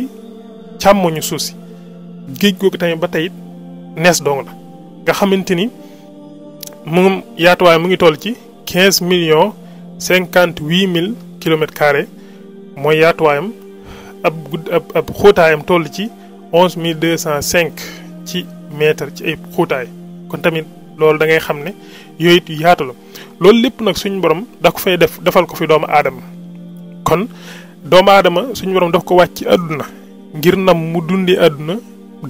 càmmoñu suuf si géej googu tamit ba tey nees dong la nga xamante ni moom yaatuwaay mu ngi toll ci quinze millions cinquante huit mille kilomètres carrés mooy yaatuwaayam ab gudd ab xóotaayam toll ci onze mille deux cent cinq ci mètre ci ay xóotaay kon tamit loolu da ngay xam ne yooyu it yaatu la loolu lépp nag suñ borom da ko fay def defal ko fi doomu aadama kon doomu aadama suñu borom daf ko wàcc ci àdduna ngir nam mu dundee àdduna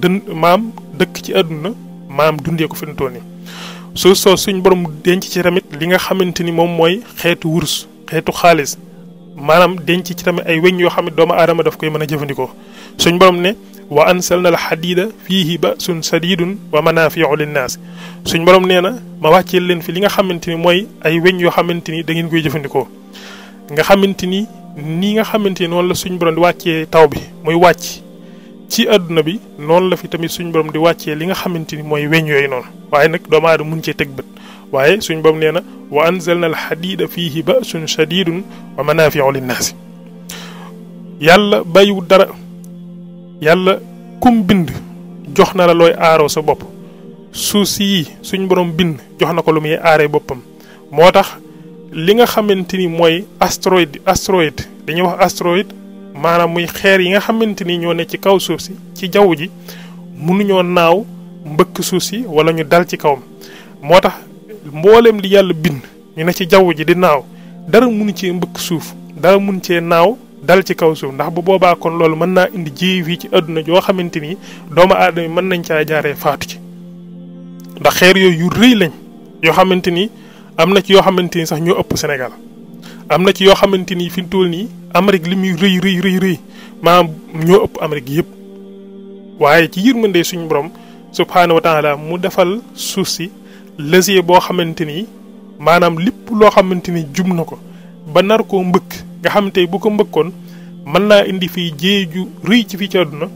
dën maam dëkk ci adduna maam dundee ko fi mu toll nii suuf soo suñu borom denc ci tamit li nga xamante ni moom mooy xeetu wurus xeetu xaalis. maanaam denc ci tamit ay weñ yoo xam ne doomu aadama daf koy mën a jëfandikoo suñ borom ne wa ansalna al xadiida fiihi ba'sun sadidun wa manaafiu linnaas suñ borom nee na ma wàccee leen fi li nga xamante ni mooy ay weñ yoo xamante ni da ngeen koy jëfandikoo nga xamante ni nii nga xamante ni noonu la suñ borom di wàccee taw bi muy wàcc ci àdduna bi noonu la fi tamit borom di wàccee li nga xamante ni mooy weñ yooy noonu waaye nag doomu aadama mun cee teg bët waye suñ bam neena wa anzalna al hadid fihi ba'sun shadid wa manafi'u lin-nas yàlla bayu dara yàlla kum bind joxna la loy aro sa bop suuf si suñ borom bind joxna ko lu muy bopam motax li nga xamanteni moy asteroid asteroid dañu wax asteroid manam muy xeer yi nga xamanteni ni ñoo ne ci kaw suuf si ci jaww ji mënuñoo naaw mbëkk suuf si wala ñu dal ci kawam motax mboolem li yàlla bind ñu ne ci jaww ji di naaw dara munu cee mbëkk suuf dara mun cee naaw dal ci kaw suuf ndax bu boobaa kon loolu mën naa indi jiw yi ci àdduna joo xamante ni doomu yi mën nañ caa jaaree faatu ci ndax xeer yooyu yu rëy lañ yoo xamante ni am na ci yoo xamante ni sax ñoo ëpp Sénégal am na ci yoo xamante ni fi mu toll nii Amérique li muy rëy rëy rëy maanaam ñoo ëpp Amérique yëpp waaye ci yërmande suñu borom subhaanahu wa taala mu defal suuf si. levier boo xamante ni maanaam lépp loo xamante ni jum na ko ba nar koo mbëkk nga xam tey bu ko mbëkkoon mën naa indi fii jéey ju rëy ci fii ci àdduna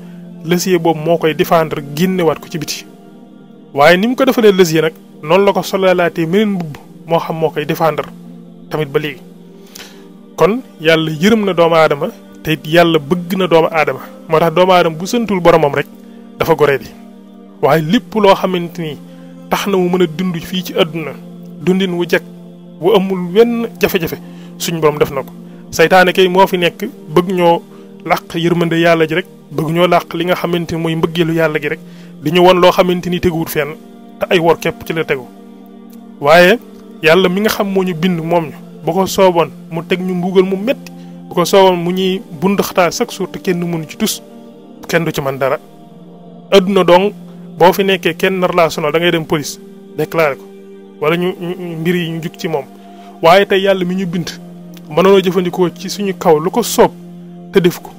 levier boobu moo koy défendre génnewaat ko ci biti. waaye ni mu ko defalee levier nag noonu la ko solalaatee meneen mbubb moo xam moo koy défendre tamit ba léegi kon yàlla yërëm na doomu aadama te yàlla bëgg na doomu aadama moo tax doomu aadama bu sëntul boromam rek dafa gore di waaye lépp tax na mu mën a dund fii ci àdduna dundin wu wu amul wenn jafe-jafe suñ borom def na ko saytaane kay moo fi nekk bëgg ñoo làq yërmande yàlla ji rek bëgg ñoo làq li nga xamante ni mooy mbëggeelu yàlla gi rek di ñu won loo xamante ni teguwut fenn te ay wor képp ci la tegu waaye yàlla mi nga xam moo ñu bind moom ñu bu ko sooboon mu teg ñu mbugal mu metti bu ko sooboon mu ñuy bund xataa chaque jour te kenn mënu ci tus kenn du ci man dara aduna dong boo fi nekkee kenn nar laa sonal da dem police déclaré ko wala ñu mbir yi ñu jug ci moom waaye tey yàlla mi ñu bind mënoonoo jëfandikoo ci suñu kaw lu ko soob te def ko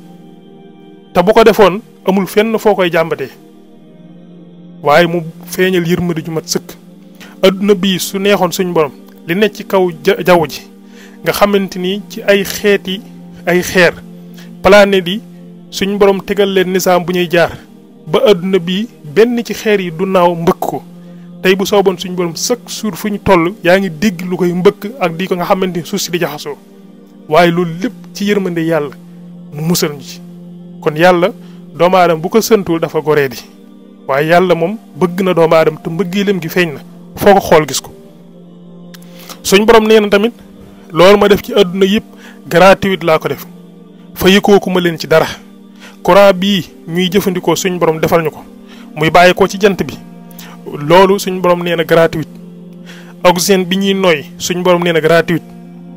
te bu ko defoon amul fenn foo koy jàmbatee waaye mu feeñal yërmande ju mat sëkk adduna bi su neexoon suñu borom li nekk ci kaw jaww ji nga xamante ni ci ay xeeti ay xeer palaane yi suñu borom tegal leen nisaam bu ñuy jaar ba adduna bi benn ci xeer yi du naaw mbëkk ko tey bu sooboon suñu borom chaque jour fu ñu toll yaa ngi dégg lu koy mbëkk ak di ko nga xamante ni suuf si di jaxasoo waaye loolu lépp ci yërmande yàlla mu musal ñu kon yàlla doomu aadama bu ko sëntuwul dafa goree di waaye yàlla moom bëgg na doomu aadama te mbëggeelam gi feeñ na foo ko xool gis ko suñ borom nee na tamit loolu ma def ci àdduna yëpp gratuite laa ko def fayikooku ma leen ci dara courant bii ñuy jëfandikoo suñ borom defal ñu ko muy bàyyi ko ci jant bi loolu suñ borom nee na gratuite oxygène bi ñuy noy suñ borom nee na gratuite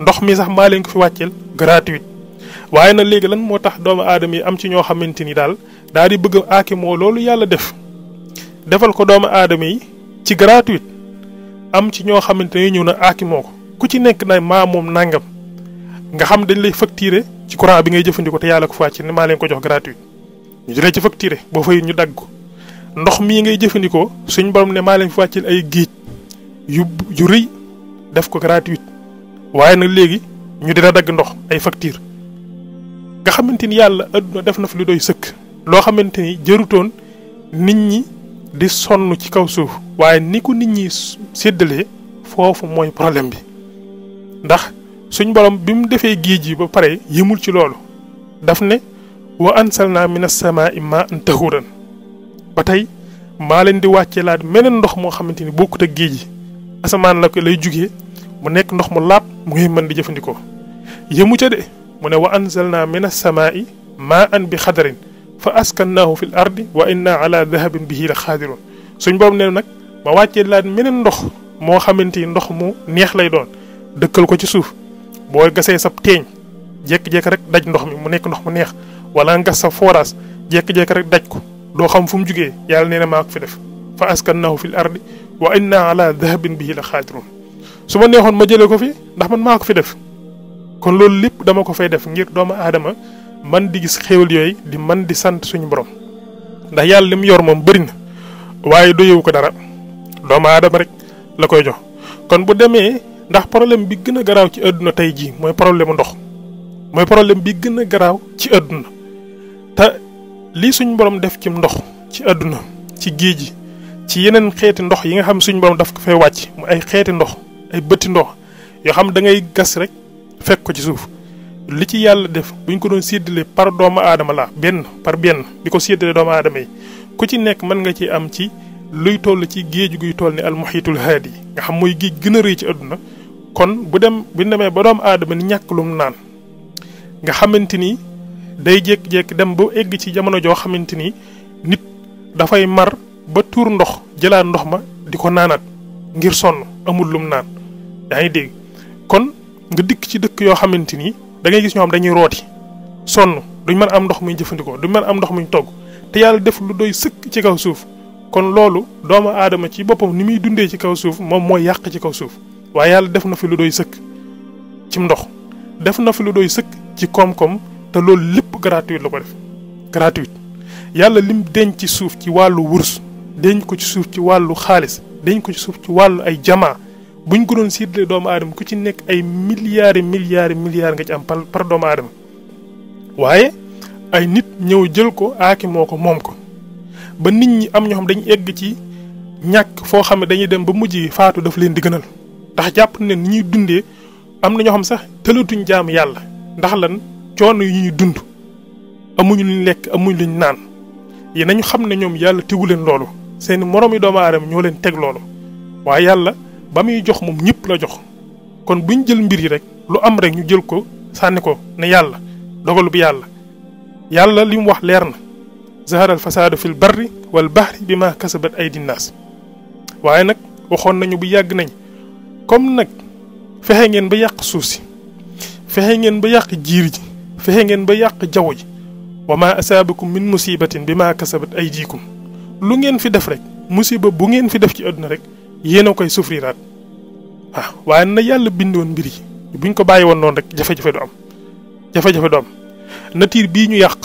ndox mi sax maa leen ko fi wàcceel gratuite waaye na léegi lan moo tax doomu aadama yi am ci ñoo xamante ni daal daal di bëgg aaki moo loolu yàlla def defal ko doomu aadama yi ci gratuite am ci ñoo xamante ne ñëw na aaki moo ko ku ci nekk na maa moom nangam nga xam dañ lay facturer ci courant bi ngay jëfandikoo te yàlla ko fa wàcce ne maa leen ko jox gratuite ñu jëlee ñu dagg ko ndox mii ngay jëfandikoo suñ borom ne maa leen fi wàccil ay géej yu yu rëy def ko gratuite waaye nag léegi ñu dina dagg ndox ay facture nga xamante ni yàlla adduna def na fi lu doy sëkk. loo xamante ni jërutoon nit ñi di sonn ci kaw suuf waaye ni ko nit ñi séddalee foofu mooy problème bi ndax suñ borom bi mu defee géej yi ba pare yëmul ci loolu daf ne waa wa ansalna minas samaa'i maa'an tahuuran batay ma len di wacce laat menen ndox mo xamanteni bokku bokkut geejji asaman la ko lay jugge mu nek ndox mu laab mu ngi man di jefandiko yëmu ca de mu ne wa anzalna min as-samaa'i maa'an bi khadrin fa askannahu fil ardi wa inna ala dhahabin bihi la khadirun suñ boobu ne nak ma wacce laat menen ndox mo xamanteni ni ndox mu neex lay doon dëkkal ko ci suuf boo gasse sa teñ jek jek rek daj ndox mi mu nek ndox mu neex wala nga sa foras jek jek rek daj ko do xam fu mu jugee yàlla neena na maa fi def fa askanahu fil ardi wa inna ala dhahabin bihi la xaadirun su ma neexoon ma jele ko fi ndax man maa ko fi def kon loolu lépp dama ko fay def ngir doomu adama man di gis xewul yoy di man di sante suñu borom ndax yàlla lim yor mom bëri waye do doyewu ko dara doomu adama rek la koy jox kon bu deme ndax problème bi gëna a ci aduna tay ji moy problème ndox moy problème bi gëna a ci aduna ta lii suñ borom def ci ndox ci àdduna ci géej gi ci yeneen xeeti ndox yi nga xam suñ borom daf ko fay wàcc mu ay xeeti ndox ay bëtti ndox yoo xam da ngay gas rek fekk ko ci suuf li ci yàlla def buñ ko doon séddale par doomu aadama la benn par benn di ko séddale doomu aadama yi ku ci nekk mën nga ci am ci luy toll ci géej guy toll ni almuhitul haadi nga xam mooy géej gëna a ci adduna kon bu dem bu demee ba doomu aadama ni ñàkk lum naan xamante ni day jékki-jékki dem ba egg ci jamono joo xamante ni nit dafay mar ba tuur ndox jëlaat ndox ma di ko naanaat ngir sonn amul lum naan yaa ngi dégg kon nga dikk ci dëkk yoo xamante ni da ngay gis ñoo xam dañuy rooti sonn duñ mën am ndox muy jëfandikoo duñ mën am ndox muy togg te yàlla def lu doy sëkk ci kaw suuf kon loolu doomu aadama ci boppam ni muy dundee ci kaw suuf moom mooy yàq ci kaw suuf waaye yàlla def na fi lu doy sëkk ci ndox def na fi lu doy sëkk ci koom te loolu lépp gratuit la ko def gratuit yàlla lim denc ci suuf ci wàllu wurus deñ ko ci suuf ci wàllu xaalis denc ko ci suuf ci wàllu ay jamaa buñ ko doon séddale doomu aadama ku ci nekk ay milliards et milliards nga ci am par par doomu aadama waaye ay nit ñëw jël ko aaki ko moom ko ba nit ñi am ñoo xam dañu egg ci ñàkk foo xam ne dañuy dem ba mujj faatu daf leen di gënal ndax jàpp ne ni ñuy dundee am na ñoo xam sax tëlatuñ jaamu yàlla ndax lan coono yi ñu dund amuñu luñ lekk amuñu luñ naan yi nañu xam ne ñoom yàlla tegu leen loolu seen moromi doomu aadama ñoo leen teg loolu waaye yàlla ba muy jox moom ñëpp la jox kon buñ jël mbir yi rek lu am rekk ñu jël ko sànni ko ne yàlla dogal bi yàlla yàlla li mu wax leer na zahara al fasaadu fil barri wal bahri bi ma kasabat aydi naas waaye nag waxoon nañu bu yàgg nañ comme nag fexe ngeen ba yàq suuf si fexe ngeen ba yàq jiir ji fexe ngeen ba yàq jaww ji wa ma asaabakum min musibatin bi ma kasabat ay jiikum lu ngeen fi def rek musiba bu ngeen fi def ci àdduna rek yéen a koy souffriraat waaw waaye na yàlla bindoon mbir yi buñ ko bàyyi woon noonu rek jafe-jafe du am jafe bii ñu yàq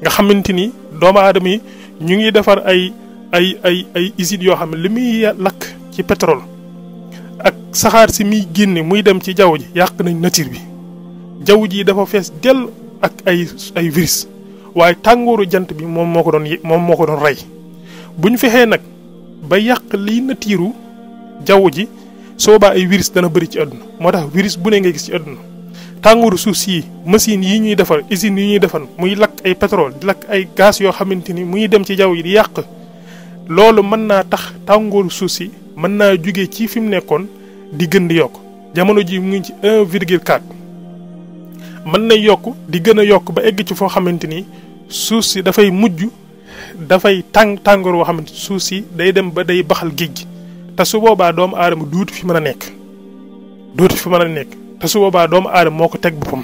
nga xamante ni doomu aadama yi ñu ngi defar ay ay ay ay usines yoo xam ne li muy lakk ci pétrole ak saxaar si muy génne muy dem ci jaww ji yàq nañ nature bi jaww ji dafa fees dell ak ay ay virus waaye tàngooru jant bi moom moo ko doon moom moo ko doon rey bu ñu fexee nag ba yàq lii tiiru jaww ji soobaa ay virus dana bëri ci àdduna moo tax virus bu ne ngay gis ci àdduna tàngooru suuf si machines yi ñuy defar usines yi ñuy defar muy lakk ay pétrole di lakk ay gaz yoo xamante ni muy dem ci jaww ji di yàq loolu mën naa tax tàngooru suuf si mën naa jóge ci fi mu nekkoon di gën di yokk jamono ji mu ngi ci 1 virgule 4 mën na yokk di gën a yokk ba egg ci foo xamante ni suuf si dafay mujj dafay tàng tàngoor woo xamante suuf si day dem ba day baxal géej gi te su boobaa doomu aadama duutu fi mën a nekk duutu fi mën a nekk te su boobaa doomu aadama moo ko teg boppam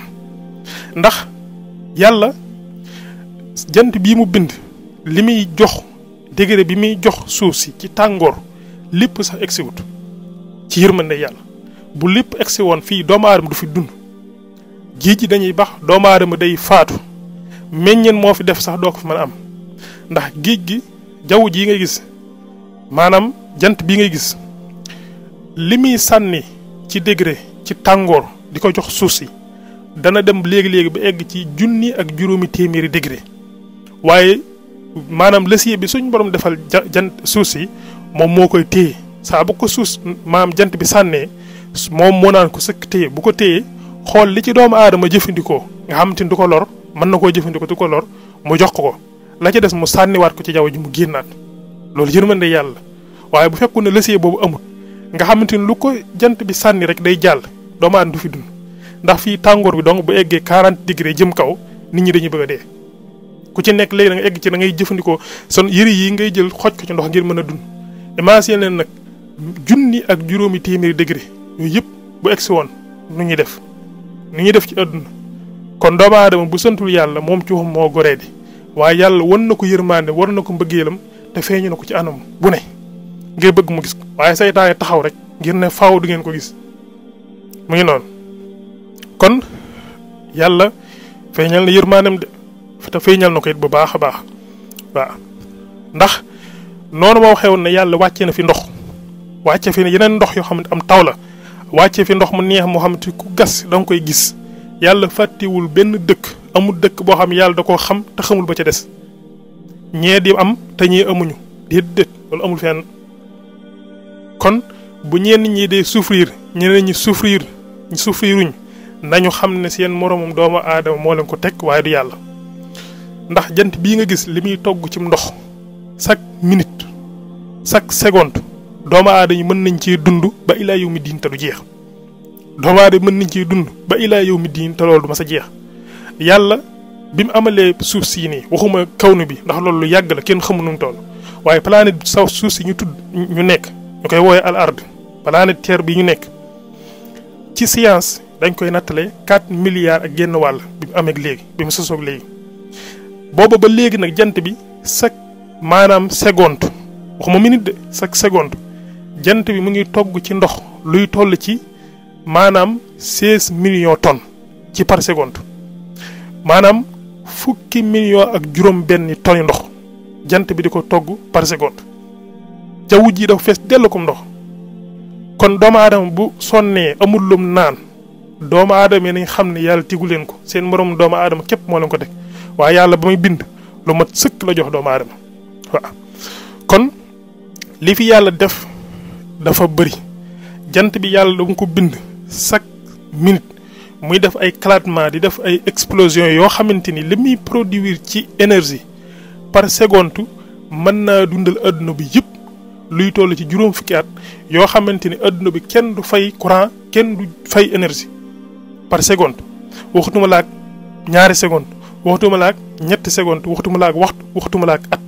ndax yàlla jant bii mu bind li muy jox degré bi muy jox suuf si ci tàngoor lépp sax egsiwut ci yërmande yàlla bu lépp egsi woon fii doomu aadama du fi dund jiji dañuy bax doomu aadama day faatu meññeen moo fi def sax doo ko fi mën am ndax géej gi jaww ji ngay gis maanaam jant bi ngay gis li muy sànni ci degré ci tàngoor di ko jox suuf si dana dem léegi-léegi ba egg ci junni ak juróomi téeméeri degré waaye maanaam lesi bi suñ borom defal jant suuf si moom moo koy téye saa bu ko suuf maam jant bi sànnee moom moo naan ko sëkk téye bu ko téye xool li ci doomu aadama jëfandikoo nga xam te du ko lor mën na koo jëfandikoo du ko lor mu jox ko la ci des mu sànniwaat ko ci jaww ji mu génnaat loolu mën na yàlla waaye bu fekkoon ne lësee boobu amul nga xamante ni lu ko jant bi sànni rek day jàll doomu aadama du fi dund ndax fii tàngoor bi donc bu eggee 40 degré jëm kaw nit ñi dañuy bëgg a dee ku ci nekk léegi da egg ci da ngay jëfandikoo son yëri yi ngay jël xoj ko ci ndox ngir mën a dun imagine leen nag junni ak juróomi téeméeri degré yooyu yëpp bu egg si woon nu ñuy def ni ñuy def ci àdduna kon doomu aadama bu santul yàlla moom ci waxam moo goree di waaye yàlla wan na ko yërmaande war na ko mbëggeelam te feeñu na ko ci anam bu ne ngir bëgg mu gis ko waaye saytaane taxaw rek ngir ne faaw du ko gis mu ngi noonu kon yàlla feeñal na yërmaandem de feeñal na ko bu baax a baax waaw ndax noonu moo waxee woon ne yàlla wàcce na fi ndox wàcce fi ne yeneen ndox yoo xam ne am taw la wàcce fi ndox mu neex moo xam te ku gas da koy gis yàlla fàttewul benn dëkk amul dëkk boo xam yàlla da koo xam te xamul ba ca des ñee di am te ñee amuñu déedéet loolu amul fenn kon bu ñenn ñi dee souffrir ñeneen ñi souffrir ñu souffriruñ nañu xam ne seen moroomum doomu aadama moo leen ko teg waaye du yàlla ndax jant bii nga gis li muy togg ci ndox chaque minute chaque seconde doomu aadama mën nañ cee dund ba ilaa yow mi diin te jeex doomu aadama mën nañ cee dund ba ilaa yow mi diin te loolu du ma sa jeex yàlla bi mu amalee suuf sii nii waxuma kaw nu bi ndax loolu lu yàgg la kenn xamu nu mu waaye planète saw suuf si ñu tudd ñu nekk ñu koy woowee al ard planète terre bi ñu nekk ci science dañ koy nattale 4 milliards ak genn wàll bi mu amee léegi bi mu sosoog léegi booba ba léegi nag jant bi chaque maanaam segont waxuma minute de chaque seconde jant bi mu ngi togg ci ndox luy toll ci maanaam seize million ton ci par seconde maanaam fukki million ak juróom-benn tonni ndox jant bi di ko togg par seconde jaww ji dafa fees dell kom ndox kon doomu aadama bu sonnee amul lum naan doomu aadama yi nañ xam ne yàlla tigu leen ko seen moroom doomu aadama képp moo leen ko teg waaye yàlla ba muy bind lu mat sëkk la jox doomu aadama kon li fi yàlla def. dafa bëri jant bi yàlla da ko bind chaque minute muy def ay éclatement di def ay explosion yoo xamante ni li muy wiir ci énergie par seconde mën naa dundal adduna bi yëpp luy toll ci juróom fukki yoo xamante ni adduna bi kenn du fay courant kenn du fay énergie par seconde waxtuma laak ñaari seconde waxtuma laak ñetti seconde waxtuma laak waxtu waxtuma laak at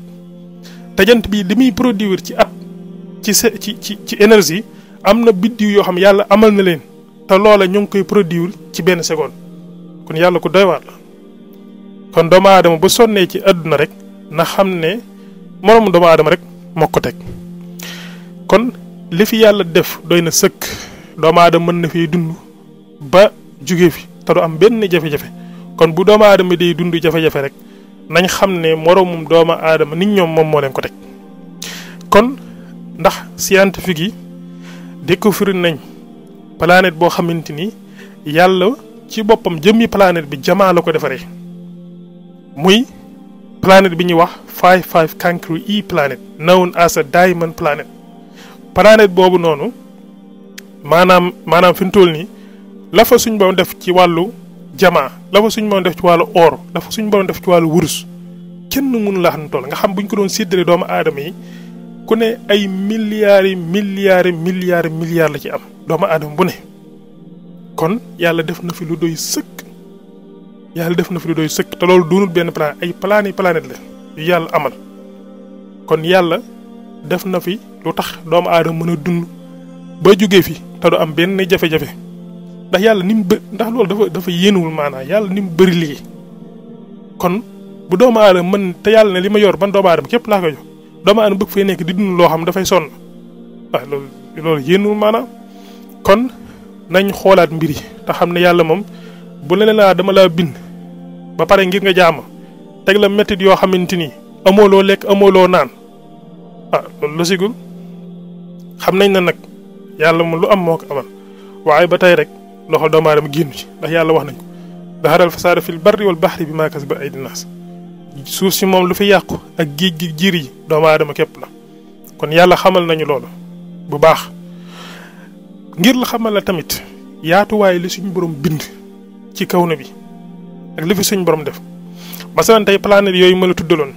te jant bi li muy produire ci at ci sa ci ci ci énergie am na biddiw yoo xam yàlla amal na leen te loola ñoo ngi koy produire ci benn seconde kon yàlla ko doy kon doomu aadama bu sonnee ci àdduna rek na xam ne moroomu doomu aadama rek moo ko teg kon li fi yàlla def doy na sëkk doomu aadama mën na fiy dund ba jóge fi te am benn jafe kon bu doomu aadama day dund jafe rek nañ xam ne moroomum doomu aadama nit ñoom moom moo leen ko teg kon ndax scientifique yi découvrir nañ planète boo xamante ni yàlla ci boppam jëmmi planète bi jamaa la ko defaree muy planète bi ñuy wax five five Cancri E planet known as a diamond planet planète boobu noonu maanaam maanaam fi mu toll nii la fa suñ borom def ci wàllu jamaa la fa suñ borom def ci wàllu or la fa suñ borom def ci wàllu wurus kenn mënu la xam toll nga xam buñ ko doon séddale doomu aadama yi. ku ne ay milliards yi milliards yi milliards yi milliards la ci am doomu aadama bu ne kon yàlla def na fi lu doy sëkk yàlla def na fi lu doy sëkk te loolu doonul benn plan ay plan yi planète la yu yàlla amal kon yàlla def na fi lu tax doomu aadama mën a dund ba jógee fi te du am benn jafe-jafe ndax yàlla ni mu bë ndax loolu dafa dafa yéenuwul maanaam yàlla ni mu bëri liggéey kon bu doomu aadama mën te yàlla ne li ma yor ban doomu aadama képp laa ko jox dama an bëgg fay nekk di dund loo xam dafay sonn waaw loolu loolu yéenul maanaam kon nañ xoolaat mbir yi te xam ne yàlla moom bu la laa dama laa bind ba pare ngir nga jaama teg la mettit yoo xamante ni amoo loo lekk amoo loo naan ah loolu la sigul xam nañ na nag yàlla moom lu am moo ko amal waaye ba tey rek loxo doomu aadama génn ci ndax yàlla wax nañ ko daharal fasaada fil barri wal bahri bi maa kasaba aydi naas suuf si moom lu fi yàqu ak géej gi jiir yi doomu aadama képp la kon yàlla xamal nañu loolu bu baax ngir la xamal la tamit yaatuwaay li suñ borom bind ci kaw na bi ak li fi suñ borom def masalan tey planète yooyu ma la tuddaloon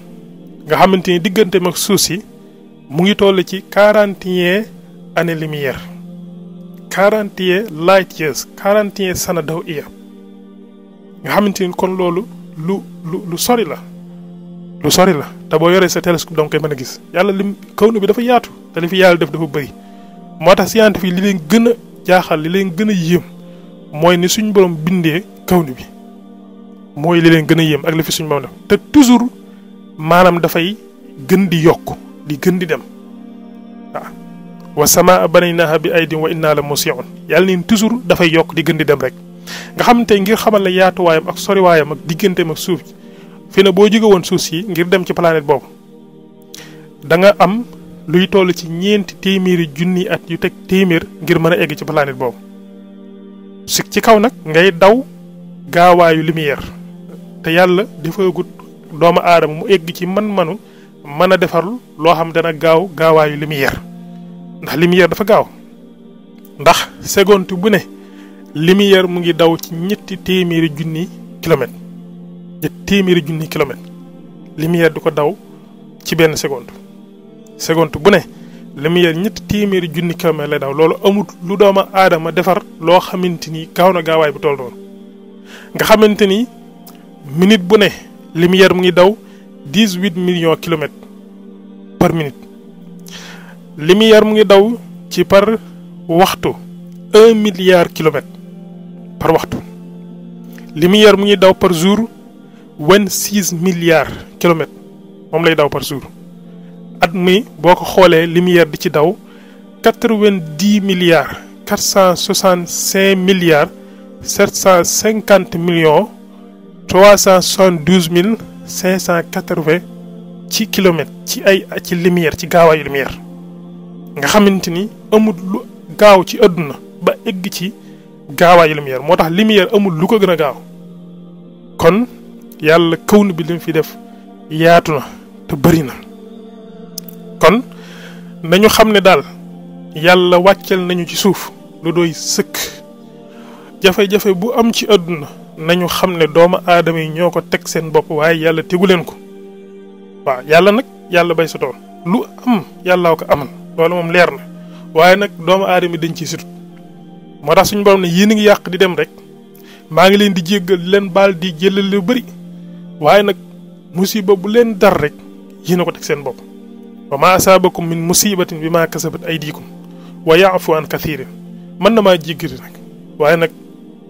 nga xamante ni diggante mag suuf si mu ngi toll ci quarante et un années lumière quarante et un light years quarante et nga xamante ni kon loolu lu lu sori la lu sori la te boo yoree sa télescope danga koy mën a gis yàlla lim kaw nu bi dafa yaatu te li fi yàlla def dafa bëri moo tax fii li leen gën a jaaxal li leen gën a yéem mooy ni suñ borom bindee kaw bi mooy li leen gën a yéem ak li fi suñ borom def te toujours maanaam dafay gën di yokk di gën di dem a wa samaa banaynaaha bi aydin wa innaa la moo musiun yàlla neen toujours dafay yokk di gën di dem rek nga xam te ngir xamal la yaatuwaayam ak soriwaayam ak digganteem ak suuf ji fi ne boo jóge woon suuf si ngir dem ci planète boobu da nga am luy toll ci ñeenti téeméeri junni at yu teg téeméer ngir mën a egg ci planète boobu si ci kaw nag ngay daw gaawaayu lumière te yàlla defagut doomu aadama mu egg ci man-manu mën a defar loo xam dana gaaw gaawaayu lumière ndax lumière dafa gaaw ndax seconde bu ne lumière mu ngi daw ci ñetti téeméeri junni kilomètres de téeméeri junni kilomètre lumière di ko daw ci ben seconde seconde bu ne lumière junni kilomètre lay daw loolu amut lu dooma adama defar lo xamanteni kawna gaway bu tol nga xamanteni minute bu ne lumière mu ngi daw 18 millions kilomètres par minute lumière mu ngi daw ci par waxtu un milliard kilomètres par waxtu lumière mu ngi daw par jour vingt six milliards kilomètres moom lay daw par jour at mi boo ko xoolee lumière di ci daw quatre vingt dix milliards quatre cent soixante cinq milliards sept cent cinquante millions trois cent soixante mille cinq cent quatre vingt ci kilomètres ci ay ci lumière ci gaawaayu lumière nga xamante ni amul lu gaaw ci àdduna ba egg ci gaawaayu lumière moo tax lumière amul lu ko gën gaaw kon yàlla kawnu bi lim fi def yaatu na te bëri na kon nañu xam ne daal yàlla wàccel nañu ci suuf lu doy sëkk jafe-jafe bu am ci àdduna nañu xam ne doomu aadama yi ñoo ko teg seen bopp waaye yàlla tegu leen ko waaw yàlla nag yàlla bay sa tool lu am yàllaa ko amal loolu moom leer na waaye nag doomu aadama dañ ci sutut moo tax suñu borom ne yéen a ngi yàq di dem rek maa ngi leen di jéggal leen baal di jëlal lu bari waaye nag musiba bu leen dar rek yéen a ko teg seen bopp wa ma asaabakum min musibatin bi ma kasabat aydikum wa yaafu an kathirin mën na maa jéggati nag waaye nag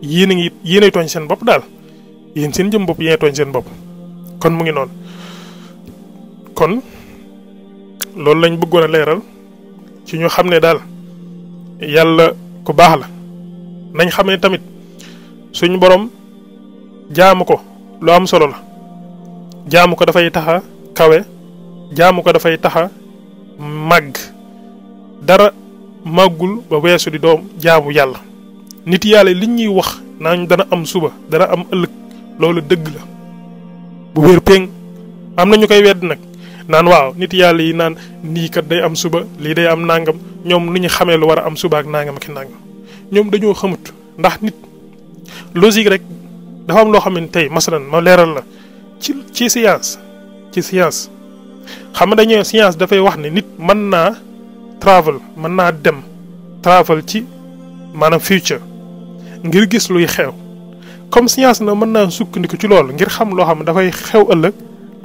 yéen a ngi yéenay tooñ seen bopp daal yéen seen jëm bopp yéenay tooñ seen bopp kon mu ngi noon kon loolu lañ bëggoon a leeral ci ñu xam ne daal yàlla ku baax la nañ xam ne tamit suñ borom jaamu ko lu am solo la jaamu ko dafay taxa kawe jaamu ko dafay taxa màgg dara màggul ba weesu di doom jaamu yàlla nit yàlla li ñuy wax naañ dana am suba dana am ëllëg loolu dëgg la bu wér péng am na ñu koy wedd nag naan waaw nit yàlla yi naan nii kat day am suba lii day am nangam ñoom li ñu xamee lu war a am suba ak nangam ki nangam ñoom dañoo xamut ndax nit logique rek dafa am loo xam ne tey masalan ma leeral la ci ci science ci science xam nga dañoo science dafay wax ne nit mën naa travel mën naa dem travel ci maanaam future ngir gis luy xew comme science na mën naa sukkandiku ci loolu ngir xam loo xam ne dafay xew ëllëg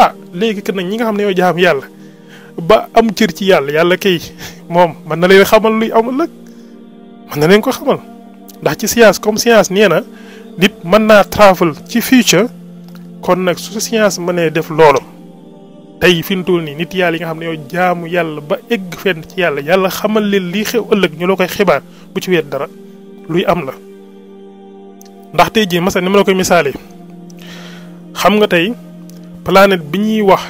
ah léegi que nag ñi nga xam ne ñoo jaam yàlla ba am cër ci yàlla yàlla kay [laughs] moom mën na leen xamal luy am ëllëg mën na leen ko xamal ndax ci science comme science nee na nit mën naa travel ci future kon nag su science mané def loolu tay fiñ tool ni nit yàlla yi nga xamné yo jaamu yàlla ba egg fenn ci yàlla yàlla xamal leen li xew ëlëk ñu lokay xibaar bu ci weet dara luy am la ndax tay ji masa ni ma la koy misaalee xam nga tay planète bi ñi wax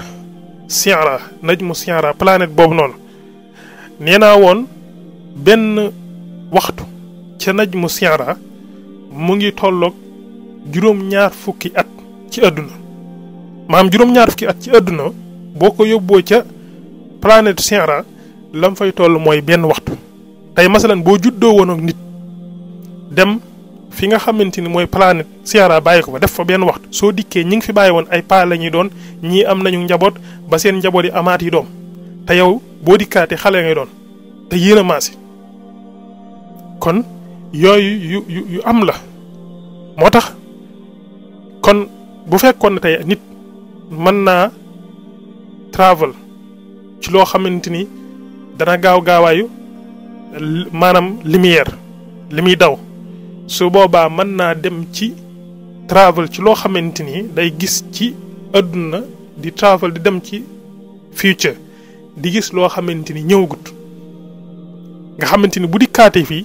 siara najmu siara planète bobu non nee won ben waxtu ci najmu siara mu ngi tollok juróom-ñaar fukki at ci adduna maam juróom-ñaar fukki at ci àdduna boo ko yóbboo ca planète Sierra lam fay toll mooy benn waxtu tey masalan boo juddoo woon nit dem fi nga xamante ni mooy planète Sierra bàyyi ko fa def fa benn waxtu soo dikkee ñi ngi fi bàyyi woon ay paa la doon ñii am nañu njaboot ba seen njaboot yi amaat yi doom te yow boo dikkaatee xale ngay doon te yéen a maasi kon yooyu yu yu am la moo tax kon bu fekkoon ne tey nit mën naa travel ci loo xamante ni dana gaaw gaawaayu maanaam lumière li muy daw su boobaa mën naa dem ci travel ci loo xamante ni day gis ci aduna di travel di dem ci future di gis loo xamante ni ñëwagut nga xamante ni bu di kaate fii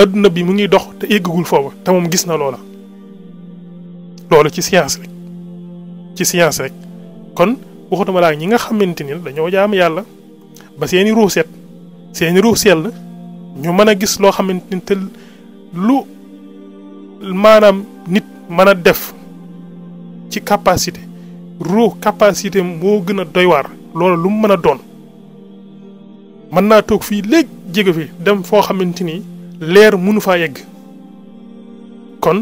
aduna bi mu ngi dox te eggagul te moom gis na loola loolu ci science rek ci science rek kon waxutuma laa ñi nga xamante ni dañoo jaam yàlla ba seeni ruux set seeni ruux la ñu mën a gis loo xamante ni te lu maanaam nit mën a def ci capacité ruux capacité moo gën a doy waar loolu mu mën a doon mën naa toog fii léegi jége fi dem foo xamante ni leer mënu faa yegg kon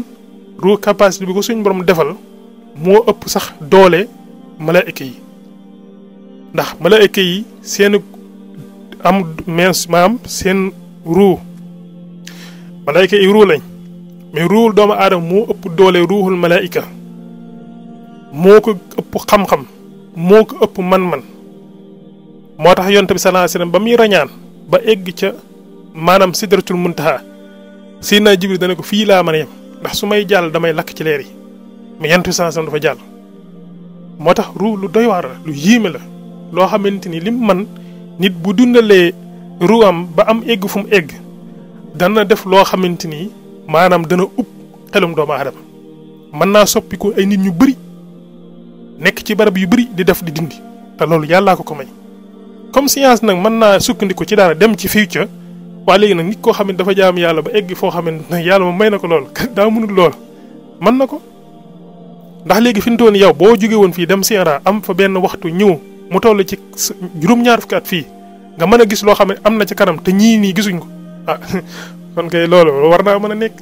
ru capacité bi ko suñu borom defal moo ëpp sax doole malaayika yi ndax malaayika yi seen am mens maam seen ru malaayika yi ru lañ mais ruuhul doomu aadama moo ëpp doole ruuhul malaayika moo ko ëpp xam-xam moo ko man-man moo tax yonte bi salaa sallam ba muy rañaan ba egg ca maanaam sidratul muntaha seen jibril dana ko fii laa mën ndax su may jàll damay lakk ci leer yi mais yentu sansam dafa jàll moo tax ruu lu doywaar la lu yéeme la loo xamante ni lim man nit bu dundalee ruu am ba am egg fu mu egg dana def loo xamante ni maanaam dana upp xelum doomu aadama mën naa soppiku ay nit ñu bëri nekk ci barab yu bëri di def di dindi te loolu yàllaa ko ko may comme science nag mën naa sukkandiku ci dara dem ci future waa léegi nag nit koo xam ne dafa jaam yàlla ba egg foo xam ne yàlla moom may na ko lool [laughs] daa mënul lool man na ko ndax léegi fi mu toll yow boo jógee woon fii dem si Sierra am fa benn waxtu ñëw mu toll ci juróom-ñaar fukki fii nga mën a gis loo xam ne am na ci kanam te ñii nii gisuñ ko [laughs] ah kon kay loolu war naa mën a nekk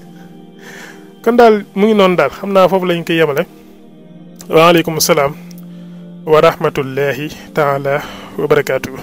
kon daal mu ngi noonu daal xam naa foofu lañ koy yemale waaleykum salaam wa rahmatullahi taala wa barakaatu.